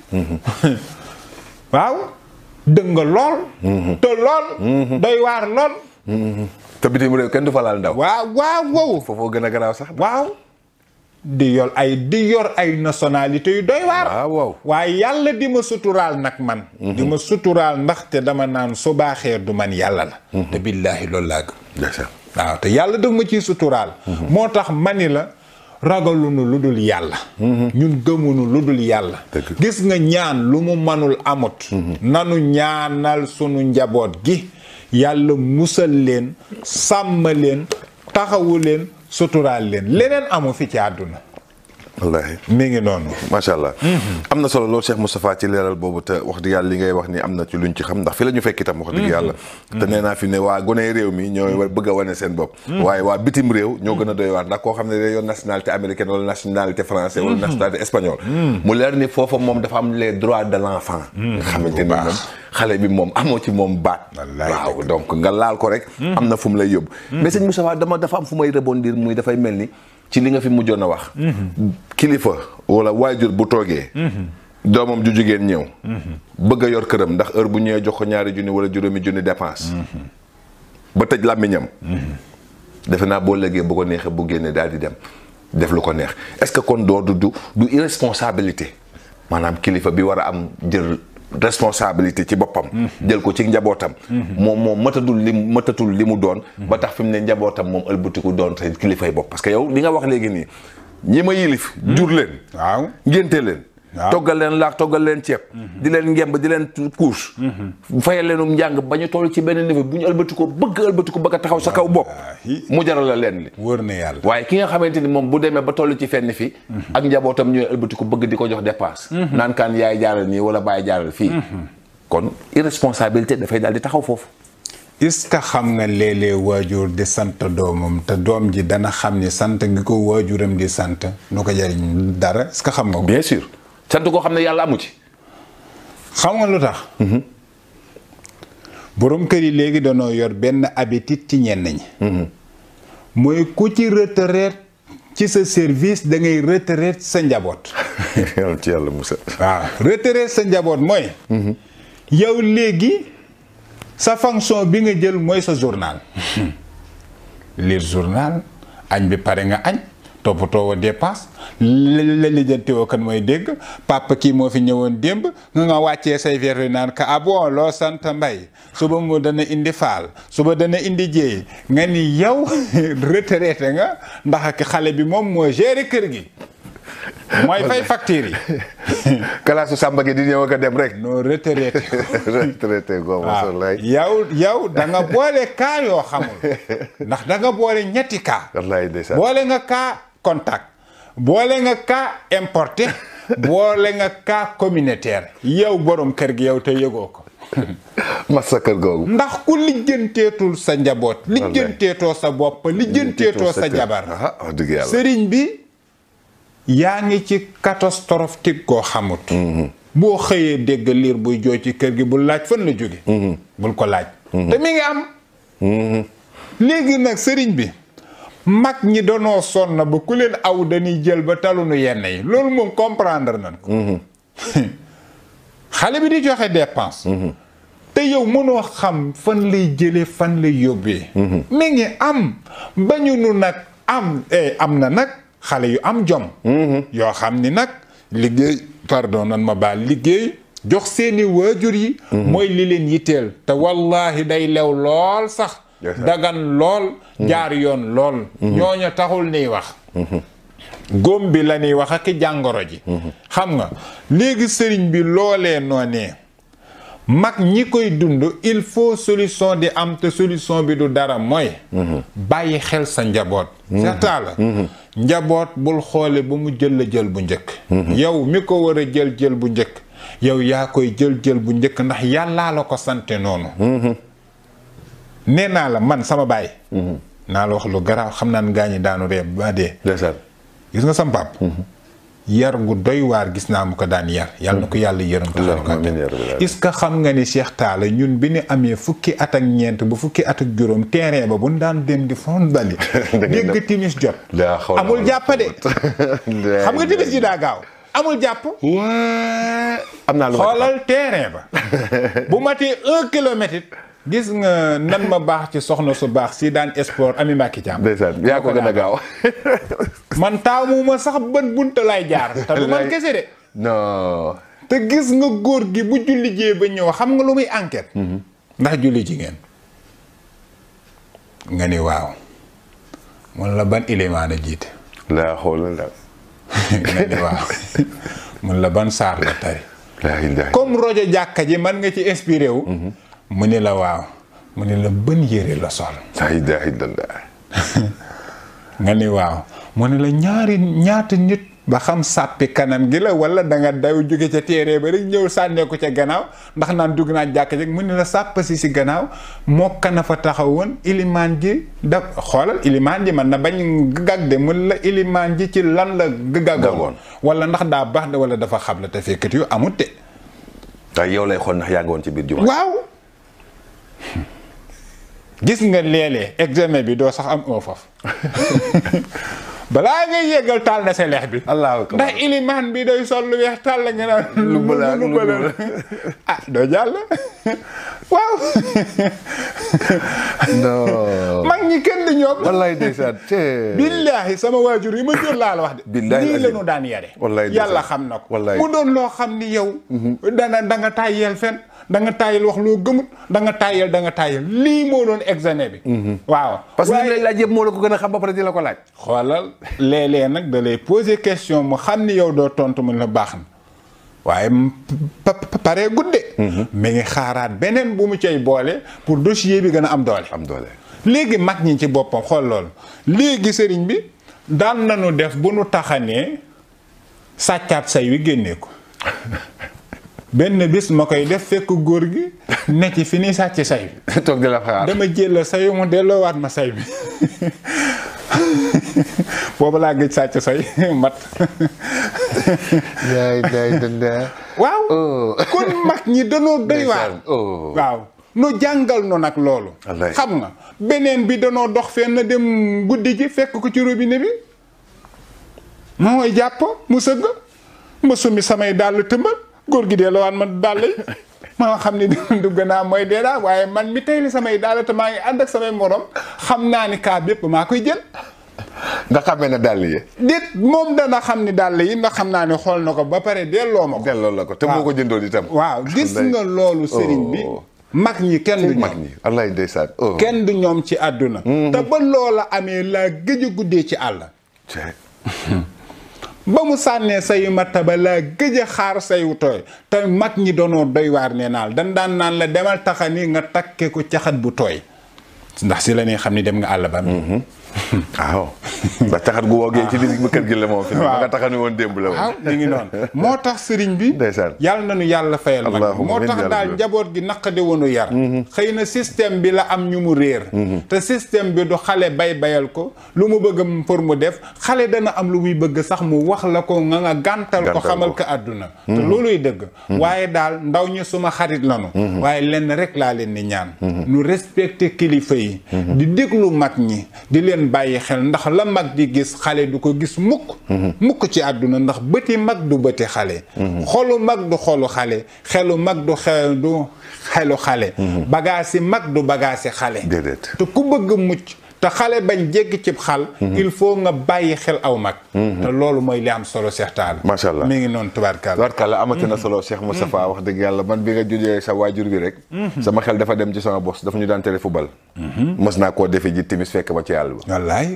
(laughs) waaw dëng nga lool te lool day waar lool te bitim réew kenn du fa laal ndaw waaw waaw wow foofoo gën a garaaw sax waaw di yor ay di ay nationalité yu doy waar waaw ah, waaw waaye yàlla di ma suturaal nag man mhm. di ma suturaal ndaxte dama naan su baaxee du man yàlla la mhm. te billaahi loolu laa gëm waaw te yàlla daf ma ciy suturaal mhm. moo tax mani la ragalunu lu dul yàlla ñun gëmunu lu dul yàlla gis nga ñaan lu mu manul amut nanu ñaanal sunu njaboot gi yàlla musal leen sàmm leen taxawu leen suturaal leen leneen amu fi ci àdduna wallaahi mi ngi noonu macha allah. Mm-hmm. am na solo loolu Cheikh Moustapha ci leeral boobu te wax dëgg yàlla li ngay wax ni am na ci luñ ci xam ndax fi la ñu fekk itam wax dëgg mm-hmm. yàlla te mm-hmm. nee naa fi ne waa gone réew mi ñooy bëgg a wane seen bopp waaye waa bitim réew ñoo gën a doy waar ndax koo xam ne day yoon nationalité américaine wala nationalité français wala nationalité espagnole mu leer ni foofa moom dafa am les droits de l'enfant nga xamante ni moom xale ci li nga fi mujjoon a wax. kilifa wala waajur bu toogee. doomam ju jigéen ñëw. bëgg a yor këram ndax heure bu ñëwee jox ko ñaari junni wala juróomi junni dépense. ba tëj làmmiñam. defe naa boo légee bu ko neexee bu génnee daal di dem def lu ko neex est-ce que kon doo du du irresponsabilité maanaam kilifa bi war a am jël responsabilité ci boppam. jël ko ci njabootam. moom moom matatul li matatul li mu doon. ba tax fi mu ne njabootam moom ëlbatiku doon te kilifay bopp parce que yow li nga wax léegi nii ñi ma yilif jur leen. waaw ngénte leen. toggal leen laax toggal leen ceeb mhm. di leen ngemb di leen couche mhm. fayal leenum njàng ba ñu toll ci benn niveau bu ñu ëlbati ko bëgg ëlbati bëgg a taxaw sa kaw bopp mu jar la leen li wóor na yàlla waaye ki nga xamante ni moom bu demee ba toll ci fenn fi mhm. ak njabootam ñooy ëlbati ko bëgg di ko jox dépasse naan kaan yaay jaaral nii wala bàyyi jaaral fii kon irresponsabilité dafay daal di taxaw foofu est-ce xam nga léeg-léeg waajur di sant doomam te doom ji dana xam ni sant ngi ko waajuram di sant nu ko jariñ dara xam nga ko sant koo xam ne yàlla amu ci. xam nga lu tax. Mm-hmm. boroom kër yi léegi danoo yor benn habitude ci ñeen ñi. Mm-hmm. mooy ku ci retraite ci sa service da ngay retraite sa njaboot. (laughs) yàlla ci sa njaboot mooy. Mm-hmm. yow léegi sa fonction bi nga jël mooy sa journal. lire journal añ bi pare nga añ. toppatoo wa dépasse la lijjanti woo kan mooy dégg papa kii moo fi ñëwoon démb nga nga wàccee say verre yi naan ka ah loo sant mbay suba mu dana indi faal suba dana indi jéey nga ni yow (laughs) retraité nga ndax ak xale bi moom moo géré kër gi mooy fay facture yi. (laughs) kalaasu Samba gi di ñëw ak a dem rek. non retraité. (laughs) yow da nga boole kaa yoo xamul ndax boole ñetti kaa. boole nga kaa. contact boole nga cas importé (laughs) boole nga cas communautaire yow boroom kër gi yow te yëgoo ko (laughs) massa kër ndax ku lijjanteetul sa njaboot lijjanteetoo sa bopp lijjanteetoo sa jabar sëriñ bi yaa ngi ci catastrophique koo xamut mm-hmm. boo xëyee dégg liir buy jooy ci kër gi bu laaj fan la jóge mm-hmm. bul ko laaj mm-hmm. te mi ngi am léegi nag sëriñ bi mag ñi danoo sonn ba ku leen aw dañuy jël ba talunu yenn yi loolu moom comprendre nañ ko mhm. xale bi di joxe dépense mhm. te yow mënoo xam fan lay jëlee fan lay yóbbee mhm. mi ngi am ba nu nag am eh, am na nag xale yu am jom yoo xam ni nag liggéey pardon nan ma baal liggéey jox seeni waajur yi mooy li leen yitteel te wallahi day lew lool sax dagan lool jaar yoon lool mhm. ñooña taxul niy wax mhm. góom bi la ñuy wax ak jàngoro ji mhm. xam nga léegi sëriñ bi loolee noonee mag ñi koy dund il faut solution di am te solution bi du dara mooy bàyyi xel sa njaboot seetaa la njaboot bul xoole ba mu jël la jël bu njëkk yow mi ko war a jël jël bu njëkk yow yaa koy jël jël bu njëkk ndax yàllaa la ko sante noonu nee naa la man sama baay. Mhm. naa la wax lu garaaw xam naa ne gaa ñi daanu ree ba dee. gis nga sam pap mhm. yar gu doy waar gis naa mu ko daan yar. yàlla ko mhm. yàlla yërëm taxaw ko est-ce que xam nga ni Cheikh Talla ñun bi nu amee fukki atak ñeent ba fukki at ak juróom terrain ba bu ñu daan dem di fond bali. (laughs) dégg timis jot. amul jàpp de. (laughs) xam nga timis ji daa gaaw. amul jàpp. am naa lu xoolal terrain ba. (laughs) bu matee un kilomètre. gis nga nan ma baax ci soxna su baax si daan sport ami Mbacke Thiam. ndeysaan yaa ko gën a gaaw. (laughs) man taamu ma sax bët bunta laay jaar. te du man kese de. te gis nga góor gi bu julli jee ba ñëw xam nga lu muy enquête. Mhm. ndax julli ngeen nga ni waaw. man la ban ilimaan a laa xoolal nga ni waaw. man la ban saar la tari. comme rojo jàkka ji man nga ci inspiré mu ne la waaw mu ne la bën yére la sol laa (laughs) nga ni waaw mu ne la ñaari ñaata nit ba xam sàppi kanam gi la wala da daw jóge ca téere ba rek ñëw ko ca gannaaw ndax naan dugg naa jàkk jeg mu ne la sàpp si si gannaaw moo fa taxawoon ilimaan ji da xoolal ilimaan ji man na bañ gàgg de mu ne la ilimaan ji ci lan la gàggoon wala ndax daa baax de wala dafa xam la te fekkati yu amut de. yow lay xool ndax yaa woon ci biir jumaa waaw gis nga léeg-léeg examen bi doo sax am un faf (laughs) balaa ngay yeggal taal na sa leex bi. allahu akbar ndax ilimaan bi day sol lu weex taal la nga naan. (laughs) lu bëla (laughs) lu bëla ah doo jàll waaw. non. mag ñi kenn du ñoom. billaahi sama waajur yi ma jur laa la wax de. nii la daan yare. yàlla xam na ko. mu doon loo xam ni yow. Mhm. dana danga tàyyeel fen da nga tàyyil wax loo gëmut danga nga tàyyil da nga tàyyil lii moo doon examen bi mhm. waaw parce que li lay laaj yëpp moo la ko gën a xam ba pare di la ko laaj xoolal léeg-léeg nag da lay question mu xam ni yow doo tontu mu la baax na waaye pare gudde mhm. mi ngi xaaraat beneen bu mu cay boole pour dossier bi gën a am doole am doole léegi mag ñi ci boppam xool loolu léegi sëriñ bi daan nañu def bu nu taxanee sàccaat say wi génnee ko (laughs) benn bis ma koy def fekk góor gi ne ci fi ni sàcc say bi (laughs) toog di la dama jël sayu mu delloowaat ma say bi (laughs) boobu laa gëj sàcc say (laughs) mat day waaw oh. kon mag ñi danoo doy waar oh. waaw nu jàngal nu nag loolu xam nga beneen bi danoo dox fenn dem guddi ji fekk ko ci robine bi ma mooy jàpp mu sëgg ma summi samay dàll tëmbal góor gi dee la waan man dàll yi (laughs) ma nga xam ni dugg naa mooy dee daal waaye man mi tey li samay daal te maa ngi ànd ak samay morom xam naa ni kaa bépp maa koy jël. nga xamee ne dàll yi. déet moom dana xam ni dàll yi ndax xam naa ne xool na ko ba pare delloo ma ko. la ko te moo ko jëndoon itam. waaw gis nga loolu sëriñ bi. Oh. mag ñi kenn du ñoom mag ñi wallaay ndeysaan oh. kenn du ñoom ci àdduna. Mhm. te ba loola amee laa gëj guddee ci àll. (laughs) ba mu sànnee sayu ba laa gëj a xaar sayu tooy te mag ñi doonoo doy waar nee naa dan daan naan la demal taxani nga takke ko caxat bu tooy ndax si la ne xam ne dem nga àll ba mm-hmm. (laughs) waaw ndax taxat gu woogee ci li kër gi la moom fi ma nga taxani woon démb la waaw mi ngi noonu moo tax sëriñ bi ndeysaan yàlla nañu yàlla fayal mag moo tax daal njaboot gi naqade woonu yar mm-hmm. xëy na système bi la am ñu mu réer mm-hmm. te système bi du xale bay bayal ko lu mu bëgg pour mu def xale dana am lu muy bëgg sax mu wax la ko nga nga gàntal ko xamal ko àdduna te mm-hmm. looluy dëgg waaye daal ndaw ñi suma xarit lanu waaye lenn rek laa leen di ñaan nu respecté leen bàyyi ndax la mag di gis xale du ko gis mukk mhm. mukk ci àdduna ndax bëti mag du bëti xale mhm. xolu mag du xolu xale xelu mag du xel du xelu xale mhm. bagaasi mag du bagaasi xale te ku bëgg mucc te xale bañ jégg cib xal mhm. il faut nga bàyyi xel aw mag mhm. te loolu mooy li am solo Cheikh Tall macha allah mi ngi noonu tubaarkàlla tubaarkàlla amati na mhm. solo Cheikh Moustapha wax dëgg yàlla man bi nga jujee sa waajur bi rek sama xel dafa dem ci sama bos dafa ñu daan tere football mës naa koo defe ji timis fekk ba ci yàlla ba wallaay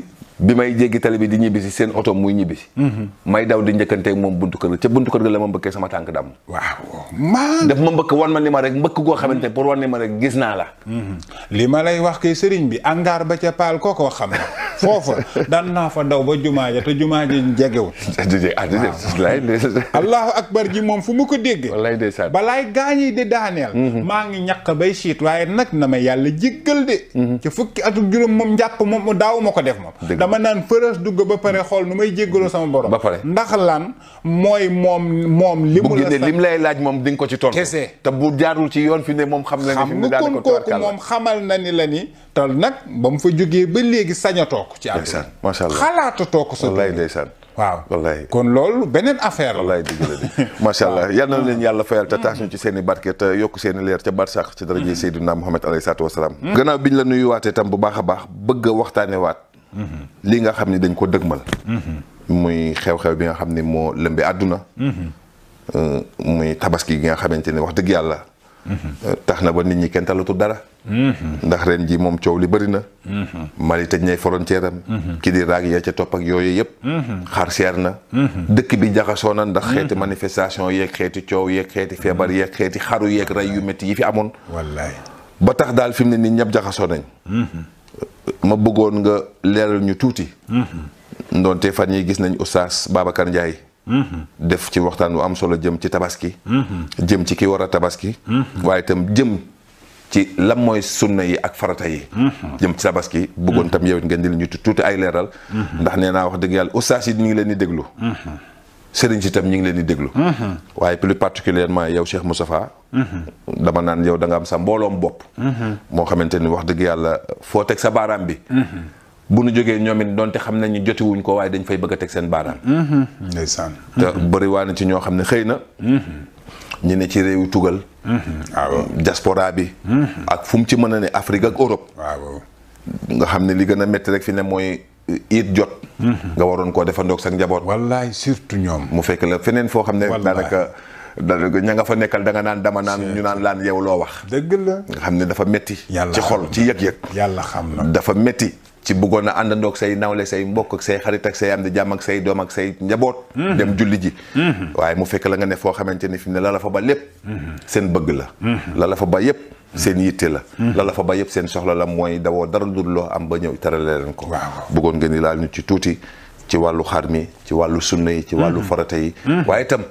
bi may jéggi tali bi di ñibbisi seen oto muy ñibbisi. Mhm. may daw di njëkkanteeg moom buntu kër ga ca buntu kër ga la ma mbëkkee sama tànk dàmm. waaw man daf ma mbëkk wan ma mhm. ni ma rek mhm. bi angaar ba ca paal ko xam na foofa daan naa fa daw ba jumaa ja te jumaa ji jegewul. (laughs) Ah, ah, allahu akbar ji moom fu mu ko déggee. wallaay ndeysaan balaay gaañi di daaneel. maa ngi ñaq bay siit waaye nag na ma yàlla jéggal de. ci fukki atum juróom moom njàpp moom daaw ma ko def moom. dama naan fëras dugg ba pare xool nu may jéggaloo sama ba pare ndax lan mooy moom moom. li mu la sax lay laaj moom di nga ko ci tontu. kese te bu jaarul ci yoon fi moom xam na ni. fi mu kooku na ni la ni. te nag ba mu fa ba léegi sañatoo ko. ci àdduna macha allah xalaatatoo ko sa wallaay ndeysaan waaw wallaay kon loolu beneen affaire la wallaay dëgg na leen yàlla fayal te mm. tax ñu ci seen i barke te yokk seen i leer ca barsax ci daraje mm. Seydina Muhammad alayhi salaatu wasalaam mm. gannaaw biñ la nuyuwaatee tam bu baax a baax bëgg a waxtaane waat lii nga xam ni dañ ko dëgmal muy xew-xew bi nga xam ni moo lëmbe àdduna muy tabaski gi nga xamante ne wax dëgg yàlla tax na ba nit ñi kenn talatul dara ndax ren ji moom coow li bëri na Mali tëj ñay frontière am ki di raag ya ca topp ak yooyu yëpp xar seer na dëkk bi jaxasoo na ndax xeeti manifestation yeeg xeeti coow yeeg xeeti feebar yeeg xeeti xaru yeeg rey yu métti yi fi amoon wallaay ba tax daal fi mu ne nit ñëpp jaxasoo nañ ma bëggoon nga leeral ñu tuuti. ndoonte fan yi gis nañ oustaz Babacar Ndiaye. def ci waxtaan bu am solo jëm ci tabaski. jëm ci ki war a tabaski. waaye itam jëm ci lan mooy sunna yi ak farata yi. jëm ci tabaski. bëggoon tam yow it nga indil ñu tuuti ay leeral. ndax nee naa wax dëgg yàlla oustaz yi di ñu ngi leen di déglu. sëriñ si itam ñu ngi leen di déglu. Mhm. waaye plus particulièrement yow Cheikh Moustapha mhm. dama naan yow da nga am sa mbooloom bopp. Mhm. moo xamante ni wax dëgg yàlla foo teg sa baaraam bi. bu nu jógee ñoom it donte xam nañu jotiwuñ ko waaye dañ fay bëgg a teg seen baaraam. ndeysaan. te bëri na ci ñoo xam ne xëy na. ñu ne ci réewu tugal. Ah, waaw bi. ak fu mu ci mën a ne Afrique ak Europe. Ah, waaw nga xam ne li gën a métti rek fi ne mooy. it jot. nga waroon koo defandoog sa njaboot. wallaay surtout ñoom. mu fekk la feneen foo xam ne. daanaka daanaka ña nga fa nekkal da nga naan dama naan ñu naan laan yow loo wax. dëgg la nga xam ne dafa metti ci xol ci yëg-yëg. yàlla xam na dafa metti ci bëggoon a àndandoog say nawle say mbokk ak say xarit ak say am di jàmm ak say doom ak say njaboot. Mhm. dem julli ji. Mhm. waaye mu fekk la nga ne foo xamante ni fi mu ne la ba lépp. Mhm. seen bëgg la. la ba yépp seen yitte la mhm. la la fa ba yëpp seen soxla la mooy dawoo dara du loo am ba ñëw terale leen ko bëggoon ngeen ni laal ñu ci tuuti ci wàllu xar mi ci wàllu sunna yi ci wàllu mhm. farata yi mhm. waaye itam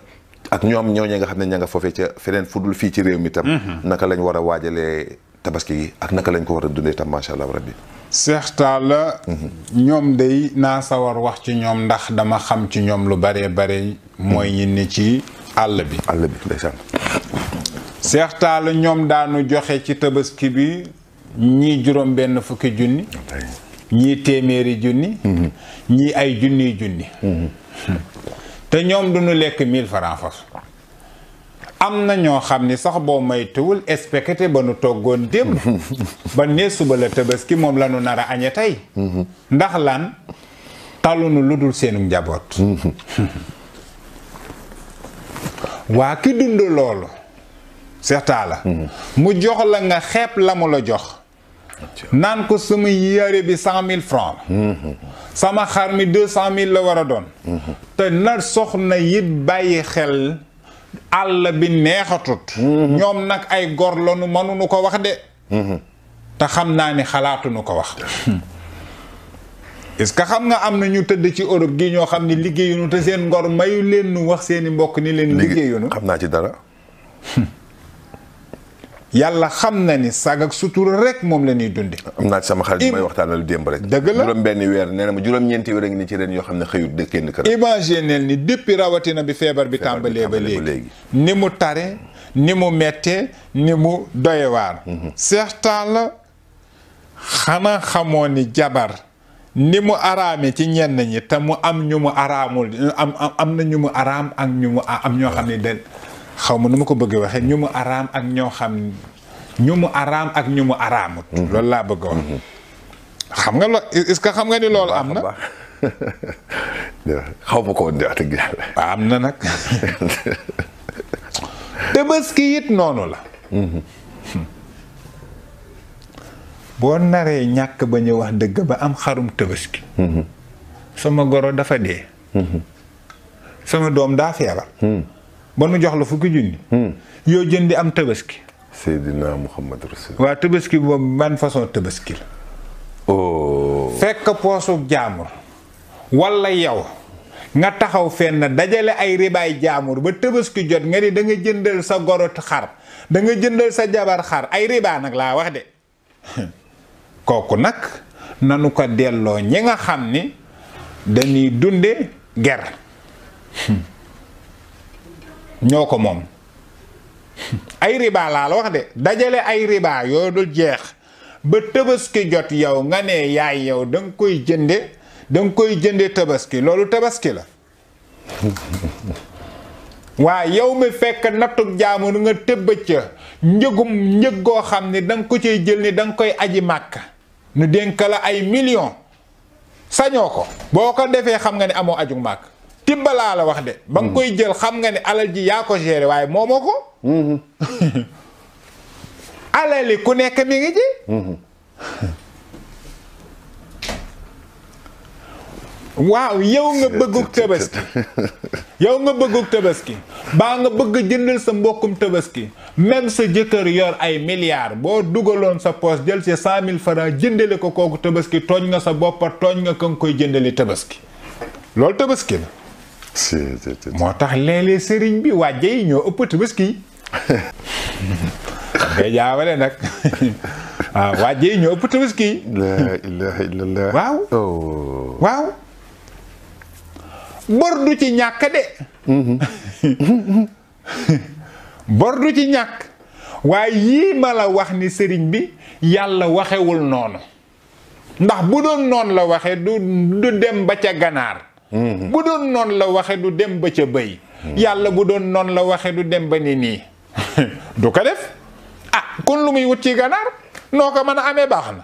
ak ñoom ñooñu nga xam ne ña nga foofee ca feneen fu dul fii ci réew mi tam naka lañ war a waajalee tabaski gi ak naka lañ ko war a dundee itam macha allah rabbi Seex la ñoom day naa sawar wax ci ñoom ndax dama xam ci ñoom lu bare bare mooy ñi ni ci àll bi àll Seex ñoom daanu joxe ci tabaski bi ñii juróom benn fukki junni ñii téeméeri junni mm-hmm. ñii ay junniy junni mm-hmm. te ñoom duñu lekk mille francs fas am na ñoo xam ni sax boo maytuwul expecté ba nu toggoon démb (laughs) ba nee suba la tabaski moom la nu nar a añe tey mm-hmm. ndax lan talunu lu dul seenu njaboot (laughs) waa ki dund loolu Seex Taala mu jox la nga xeeb la mu la jox naan ko suma yére bi cent mille franc sama xar mi deux cent mille la war a doon te na soxna yit bàyyi xel àll bi neexatut ñoom nag ay gor lanu mënuñu ko wax de te xam naa ni xalaatuñu ko wax est-ce que xam nga am na ñu tëdd ci Europe gi ñoo xam ne liggéeyunu te seen ngor mayu leen nu wax seeni mbokk ni leen liggéeyunu xam naa ci dara yàlla xam na ni sag ak rek moom la ñuy dunde am naa sama xarit bi may waxtaanal démb rek. dëgg la juróom benn weer nee na juróom-ñeenti weer a ngi ni ci ren yoo xam ne xëyut de kenn kër. imagineel ni depuis rawatina bi feebar bi tàmbalee ba léegi ni mu tare ni mu mette ni mu doyewaar seextaan mhm. la xanaa xamoo ni jabar ni mu araame ci ñenn ñi te mu am ñu mu araamul am na ñu mu araam ak ñu mu am ñoo xam ne den xaw ma nu ma ko bëggee waxee ñu mu araam ak ñoo xam ñu mu ak ñu mu araamut mhm. loolu laa bëgg wax mhm. xam nga lo est-ce que xam nga ni loolu am na (laughs) xaw ma ko woon am na nag (laughs) tabaski it noonu la mhm. boo naree ñàkk ba ñu wax dëgg ba am xarum tabaski sama goro dafa dee sama doom daa feebar ba nu jox la fukki junni. Hmm. yoo jëndi am tabaski. Seydina Muhammad Rasul. waa tabaski boobu ban façon tabaski la. oh. fekk poosu jaamur. wala yow. nga taxaw fenn dajale ay ribaay jaamur ba tabaski jot nga ni da jëndal sa gorot xar danga nga jëndal sa jabar xar ay ribaa nag laa wax de. (laughs) kooku nag nanu ko delloo ñi nga xam ni dañuy dunde ger. (laughs) ñoo ko moom ay riba laa la wax de dajale ay riba yoo du jeex ba tabaski jot yow nga ne yaay yow danga koy jënde danga koy jënde tabaski loolu tabaski la waa yow mi fekk nattug jaamu nga tëbba ca njëgum njëg goo xam ne danga nga ko cay jël ni da koy aji màkk nu dénk la ay million sañoo ko boo ko defee xam nga ni amoo aju màkk tibbalaa la wax de. ba nga hmm. koy jël xam nga ne alal ji yaa ko géré waaye moomoo ko. Hmm. (laughs) alali ku nekk mi ngi ji. Hmm. waaw yow nga bëggug tabaski (laughs) yow nga bëggug tabaski baa nga bëgg jëndal sa mbokkum tabaski même sa jëkkër yor ay milliards boo dugaloon sa poos jël si cent mille francs jëndale ko kooku tabaski tooñ nga sa boppa tooñ nga ka nga koy jëndale tabaski loolu tabaski la moo tax léeg sëriñ bi wàjje yi ñoo ëpp tabaski (laughs) ngay nag waaw ah, wàjje yi ñoo ëpp tabaski oh. ci ñàkk de mm-hmm. (laughs) bor ci ñàkk waaye yii ma la wax ni sëriñ bi yàlla waxewul noonu ndax bu doon noonu la waxe du du dem ba ca ganaar Mm-hmm. bu doon noonu la waxee du dem ba ca bëy mm-hmm. yàlla bu doon noon la waxee du dem ba ni nii (laughs) du ko def ah kon lu muy wut ci ganaar noo ko mën a amee baax na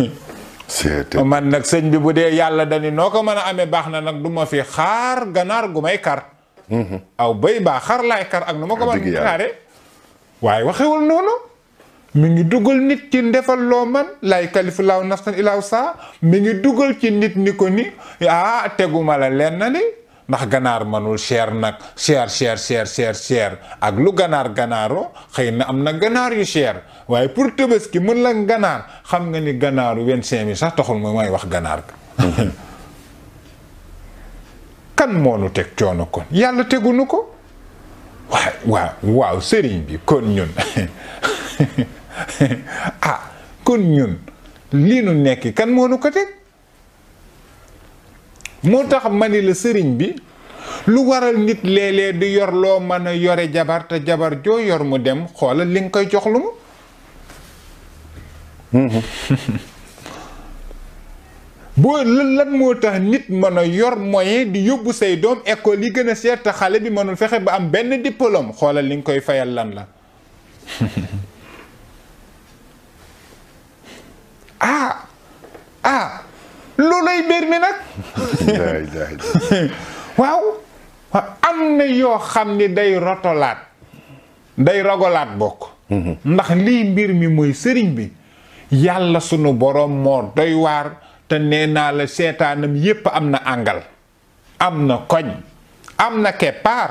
(laughs) man nag sëñ bi bu dee yàlla dani noo ko mën a amee baax na nag du ma fi xaar ganaar gu may kar mm-hmm. aw bëy baa xar laay kar ak nu ma ko mën xaare waaye waxewul noonu mi ngi dugal nit ci ndefal loo man lay kalifu laaw nafsan saa mi ngi dugal ci nit ni ko ni ah teguma la leen lenn li ndax ganaar manul cher nag cher cher cher ak lu ganaar ganaaroo xëy na am na ganaar yu cher waaye pour Tabaski mën la ganaar xam nga ni ganaaru vingt-cinq mille sax taxul ma may wax ganaar (laughs) kan moonu teg coono ko yàlla tegunu ko waaw waaw waaw sëriñ bi kon ñun (laughs) (laughs) ah kon ñun lii nu nekk kan moo nu ko moo tax mani la sëriñ bi lu waral nit léeg-léeg di yor loo mën a yore jabar te jabar joo yor mu dem xoolal li nga koy jox lu mu mm-hmm. (laughs) boo la lan moo tax nit mën a yor moyen di yóbbu say doom école yi gën a seet te xale bi mënul fexe ba am benn diplôme xoolal li nga koy fayal lan la (laughs) ah ah loolay mbir mi nag waaw am na yoo xam ni day rotolaat day rogolaat bokk mhm. ndax lii mbir mi mooy sëriñ bi yàlla sunu boroom moo doy te nee naa la seetaanam yépp am na angal am na koñ am na keppaar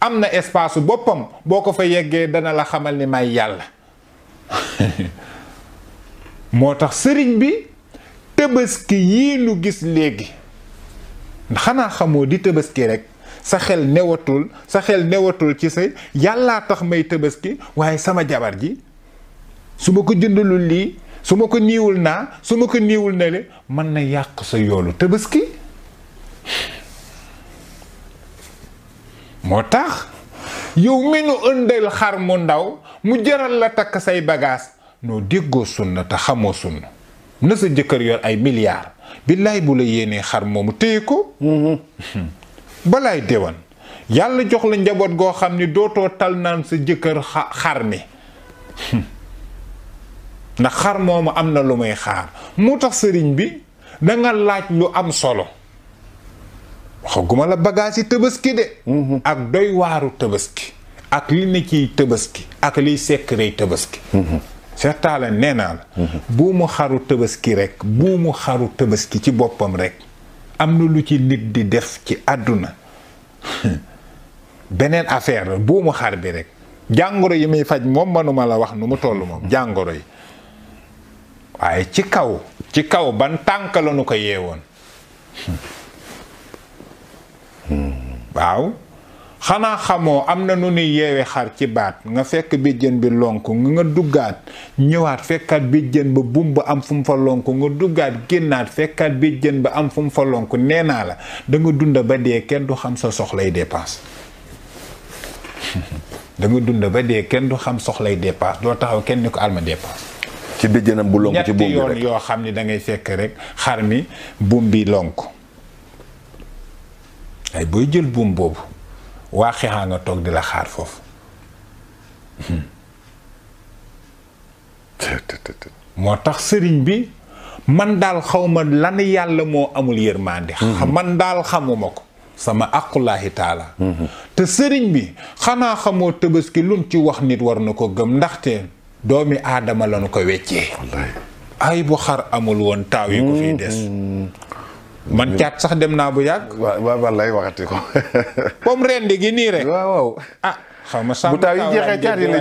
am na espace boppam boo ko fa yeggee dana la xamal ni may yàlla (laughs) moo tax sëriñ bi tëbaski yii nu gis léegi xanaa xamoo di tëbaski rekk sa xel newatul sa xel newatul ci sa yàllaa tax may tëbaski waaye sama jabar ji su ma ko jëndalul lii su ma ko niiwul naa su ma ko niiwul na le mën na yàq sa yoolu tëbaski moo tax yow mi nu ëndal xar mu ndaw mu jaral la takk say bagaas noo déggoo sunna te xamoo sunna na sa jëkkër yor ay milliards billaay bu la yéenee xar moomu téye ko mm-hmm. balaay dewan yàlla jox la njaboot goo xam ni dootoo tal naan sa jëkkër xar mi (laughs) ndax xar moomu am na lu may xaar moo tax sëriñ bi danga laaj lu am solo waxaguma la bagage yi tëbaski de mm-hmm. ak doy waaru tëbaski ak li ne ciy tëbaski ak liy sekk rey tëbaski mm-hmm. Cheikh Talla nee naa la buumu xaru tëbëski rek buumu xaru tabaski ci boppam rekk am na lu ci nit di def ci àdduna (laughs) beneen affaire la buumu xar bi rekk jàngoro yi muy faj moom manuma la wax nu mu toll moom jàngoro yi waaye ci kaw ci kaw ban tànk la nu ko yeewoon (laughs) hmm. Hmm. waaw xanaa xamoo am na nu nuy yeewe xar ci baat nga fekk béjjën bi lonku nga duggaat ñëwaat fekkaat béjjën ba bum am fu mu fa lonku nga duggaat génnaat fekkaat béjjën ba am mu fa nee naa la da nga dund ba dee kenn du xam soxlay dépense (laughs) dund ba dee kenn du xam soxlay dépense doo taxaw kenn ni ko alma dépense ci béjjënam bu lonku ci buum bi rek ñetti yoo xam ni da ngay xar mi buum bi lonku ay booy jël buum boobu waa xexaa nga toog di la xaar foofu moo tax sëriñ bi man daal xawma lan yàlla moo amul yërmande mhm. man daal xamuma ko sama aqullaahi taala mhm. te sëriñ bi xanaa xamoo tabaski luñ ci wax nit war na ko gëm ndaxte doomi aadama lañu ko weccee ay bu xar amul woon taaw yi ko fiy des mhm. man caat sax dem naa bu yàgg. waaw waaw lay waxati (laughs) gi nii rek. waaw ah. xaw ma sàmm bu taaw yi jeexee caat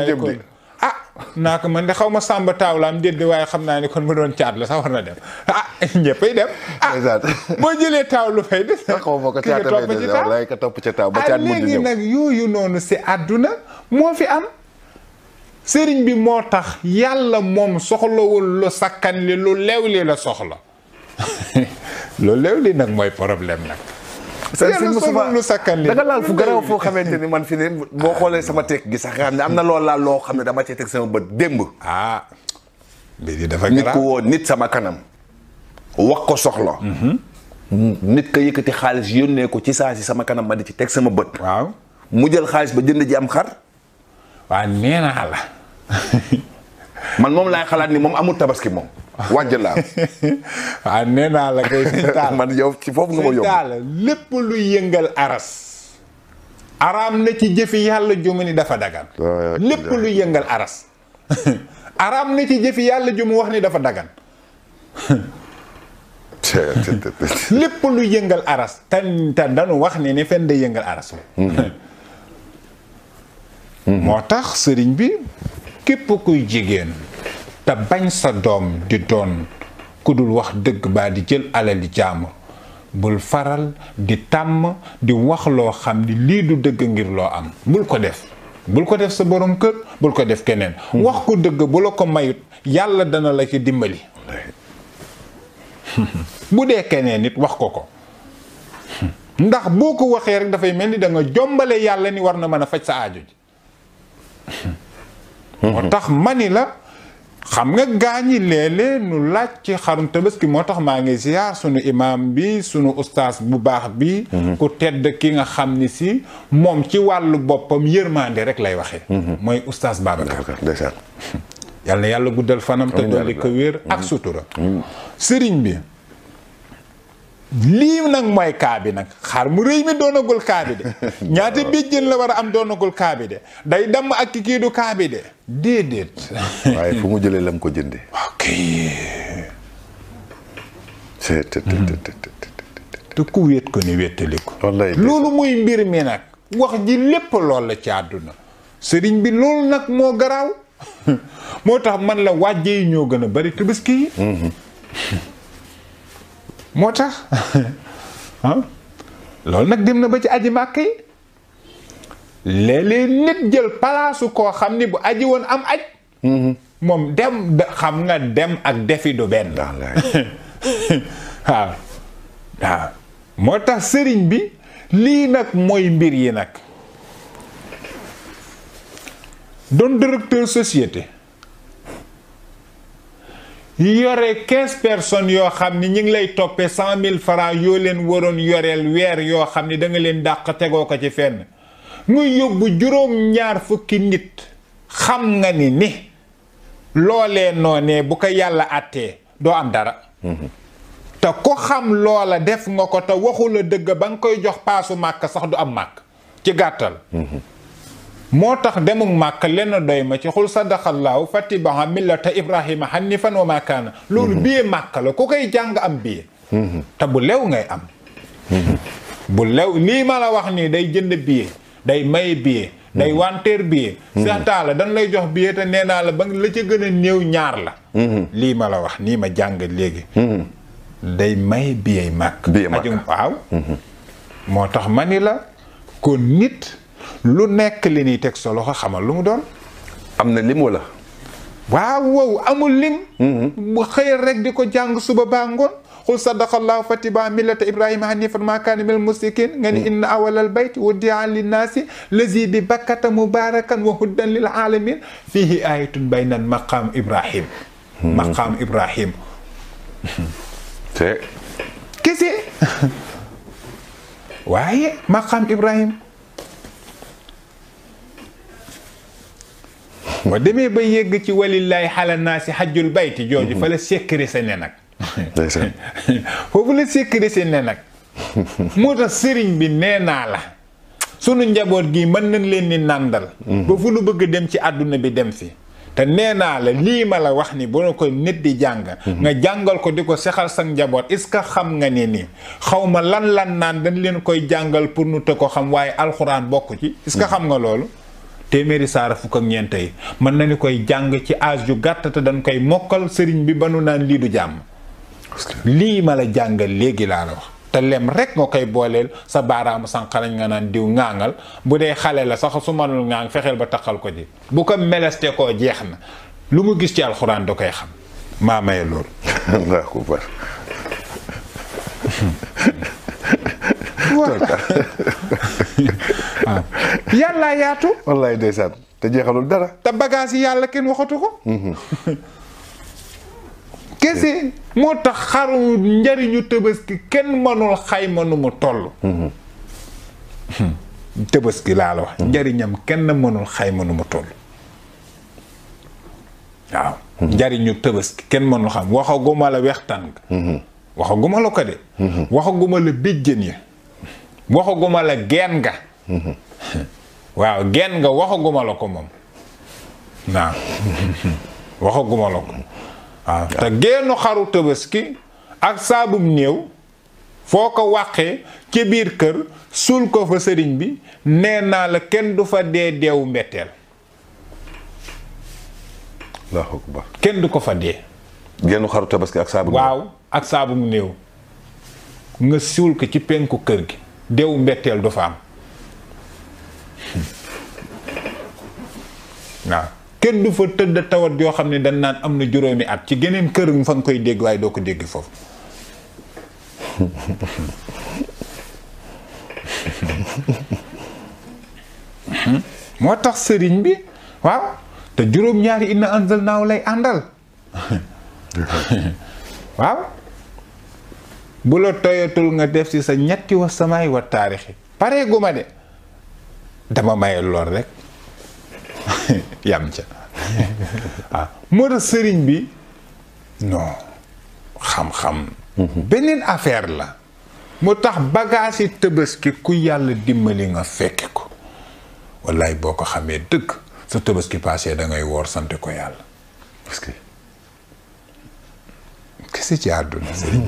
ah, man de xaw ma sàmba taaw la am déedéet waaye xam naa ni kon mu doon caat la sax war na dem ah (laughs) ñëppay dem. ah (laughs) boo jëlee taaw lu fay des. Ah, xaw ko topp ca taaw ba ah, caat mujj ñëw léegi nag yooyu noonu si àdduna moo fi am. sëriñ bi moo tax yàlla moom soxlawul lu sakkan li lu lew li la soxla. (laughs) loolu léew li nag mooy problème nag sëñ Moustapha lu sakkan li da nga laal fu garaw foo xamante ni man fi ne boo xoolee sama tekk gi sax nga xam ne am na loolu laal loo xam ne dama cee teg sama bët démb ah bi nit ko woo nit sama kanam wax ko soxla mm-hmm. nit ka yëkkati xaalis yónnee ko ci saa si sama kanam ma di ci teg sama bët waaw mu jël xaalis ba jënd ji am xar waa nee naa la (laughs) man moom laay xalaat ni moom amul tabaski moom. wàjj laa. (laughs) ah nee naa la kay (laughs) man yow ci foofu nga ma yóbbu lépp luy yëngal aras. araam na ci jëfi yàlla jumu ni dafa dagan. lépp luy yëngal aras. (laughs) araam na ci jëfi yàlla jumu wax ni dafa dagan. lépp lu yëngal aras tan tan dañu wax ne ne fenn day yëngal aras mm-hmm. moo tax sëriñ bi képp kuy jigéen te bañ sa doom di doon ku dul wax dëgg baa di jël alali jàmm bul faral di tàmm di wax loo xam ni lii du dëgg ngir loo am bul ko def bul ko def sa boroom kër bul ko def keneen hmm. wax ko dëgg bu ko mayut yàlla dana la ci dimbali (laughs) bu dee keneen nit wax ko ko ndax boo ko waxee rek dafay mel ni danga jombale yàlla ni war na mën a faj sa aajo ji moo tax mani la xam nga gaañ yi léeg-léeg nu laaj ci xarum tabaski moo tax maa ngi ziar sunu imaam bi sunu ustaas bu baax bi mhm. ku tedd ki nga xam ni si moom ci wàllu boppam yërmande rek lay waxee mhm. mooy ustaas Babacar yal na yàlla guddal fanam te dolli ko wér ak mhm. sutura sëriñ bi lii nag mooy kaa bi nag xaar mu rëy mi doonagul kaa bi de (laughs) ñaata béjjën la war a am doonagul kaa bi de day damm ak ki kii du kaa bi de déedéet (laughs) waaye fu mu jëlee lam ko jënde ok te ku wéet ko ni wéttali ko loolu muy mbir mi nag wax ji lépp lool la ci àdduna sëriñ bi loolu nag moo garaaw (laughs) moo tax man la wàjje yi ñoo gën a bari tabaski yi mm-hmm. moo tax ah (laughs) loolu nag dem na ba ci aji màkk yi léeg-léeg nit jël palaasu koo xam ni bu aji woon am aj mm-hmm. moom dem xam nga dem ak defi du benn (laughs) waaw waaw moo tax sëriñ bi lii nag mooy mbir yi nag doon directeur societé yore quinze personnes yoo xam ni ñi ngi lay toppee cent mille francs yoo leen waroon yoreel weer yoo xam ni danga leen dàq tegoo ko ci fenn nga yóbbu juróom ñaar fukki nit xam nga ni ni loolee noonee bu ko yàlla àttee doo am dara mhm. te ku xam loola def nga ko te waxu waxula dëgg ba nga koy jox paasu màkk sax du am màkk ci gàttal mhm. moo tax demu màkk lenn doy ma ci xul sadaqallaahu fatibaa millata ibrahima hanifan wa makaana loolu biyee màkk la ku koy jàng am biyee te bu lew ngay am bu lew lii ma la wax nii day jënd biyee day maye biyee wanteer billet. seetaa la lay jox billet nee naa la ba la ca gën néew ñaar la. lii ma wax nii ma jàng léegi. day may billet màkk. billet màkk waaw. moo tax ma ni la kon nit. lu nekk li ñuy teg sa loxo xamal lu doon. am na lim wala. waaw wow amul lim. bu mm-hmm. xëyal rek di ko jàng suba baa ngoon. xul sadaqallahu fatiba millata ibrahima hanifan ma kaana minal musrikin nga ni mm-hmm. inna awalal bayt wudia linnaasi lazi bi bakkata mubarakan wa huddan lil alamin fihi ayatun baynan maqaam ibrahim mm-hmm. ibrahim te kese (laughs) waaye maqaam ibrahim ma demee ba yegg ci walilaay xala naa si xajjul bayti jooju fa la sécuriser ne nag (laughs) foofu la sécuriser ne nag moo tax sëriñ bi nee naa la sunu njaboot gi mën nañ leen ni nàndal ba lu bëgg dem ci àdduna bi dem si te nee naa la lii ma la wax ni bu na ko nit di jàng nga jàngal ko di ko sexal sa njaboot est-ce que xam nga ne ni xaw ma lan lan naan dañ leen koy jàngal pour nu te ko xam waaye alxuraan bokk ci est-ce xam nga loolu téeméeri saara fukk ak ñeent yi mën nañu koy jàng ci âge yu gàtt te dañ koy mokkal sëriñ bi ba nu naan lii du jàmm lii ma la jàngal léegi laa la wax te lem rek nga koy booleel sa baaraamu sànqarañ nga naan diw ŋaangal bu dee xale la sax su manul ŋaang fexeel ba taxal ko ji bu ko meleste koo jeex na lu mu gis ci alxuraan da koy xam maa maye loolu allahu akbar waaw (laughs) ah. yàllaa yaatu. wallaay ndeysaan te jeexalul dara. te bagaas yi yàlla kenn waxatu ko. Mhm. (laughs) kese moo tax xaru njariñu tëbaski kenn mënul xayma nu mu toll. Mhm. (laughs) tëbaski laa la mhm. njariñam kenn mënul xay nu mu toll. waaw. njariñu tëbaski kenn mënul xam waxaguma la wextaan. waxaguma la ko de. waxaguma la béjjën ya waxaguma la geen nga waaw geen nga waxaguma la ko moom waaw waxaguma la ko te génnu xaru tabaski ak saabum néew foo ko waxee ci biir kër suul ko fa sëriñ bi nee naa la kenn du fa dee deewu mbetteel allahu kenn du ko fa dee génnu xaru ak saabum waaw ak saabum néew nga suul ko ci penku kër gi deewu mbetteel du fa am waaw kenn du fa tëdd tawat yoo xam ne dañ naan am na juróomi at ci geneen kër mu fa nga koy dégg waaye doo ko dégg foofu hmm? moo tax sëriñ bi waaw te juróom-ñaari inna anzalnaahu lay àndal (laughs) waaw bu la toyatul nga def si sa ñetti wa samay wa taarixi pare gu ma de dama maye lool rek (laughs) yam ca waaw (laughs) ah, moo tax sëriñ bi non xam-xam mhm. beneen affaire la mu tax bagage yi tëbaski ku yàlla dimbali nga fekki ko wallaay boo ko xamee dëgg sa tëbaski passé dangay ngay woor sant ko yàlla kese ci àdduna sëriñ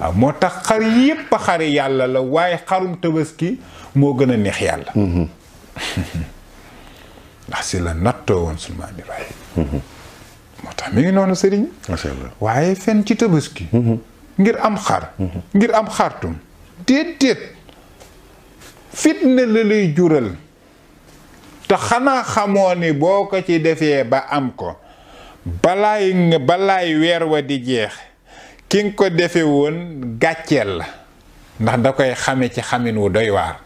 ah, moo tax xar yépp xari yàlla la waaye xarum tabaski moo gën a neex yàlla ndax si la nattoo woon sunu maam Ibrahima moo tax mi ngi noonu sëriñ macha waaye fenn ci tabaski ngir am xar ngir am xartum déedéet fitna la lay jural te xanaa xamoo ni boo ko ci defee ba am ko balaay weer wa di jeex ki ko defe woon gàcceel la ndax da koy xame ci xamin wu doy waar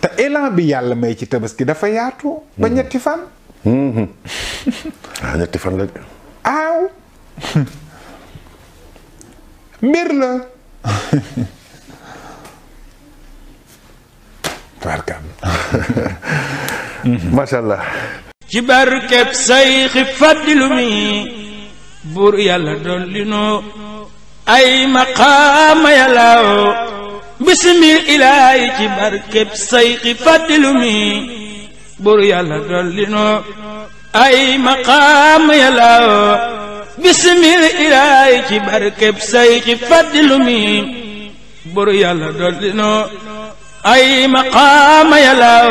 te élan bi yàlla may ci tabaski dafa yaatu ba hmm. ñetti fan hmm. ah ñetti mbir la (laughs) (laughs) macha allah. ci barkeb say xi fàddilu mi buur yàlla dolli noo ay maqaama yàllaaw bisimil ilaahi ci barkeb say xi fàddilu mi buur yàlla dolli noo ay maqaama yàllaaw bisimil ilaahi ci barkeb say xi fàddilu mi buur yàlla dolli noo ay maqaama yàllaaw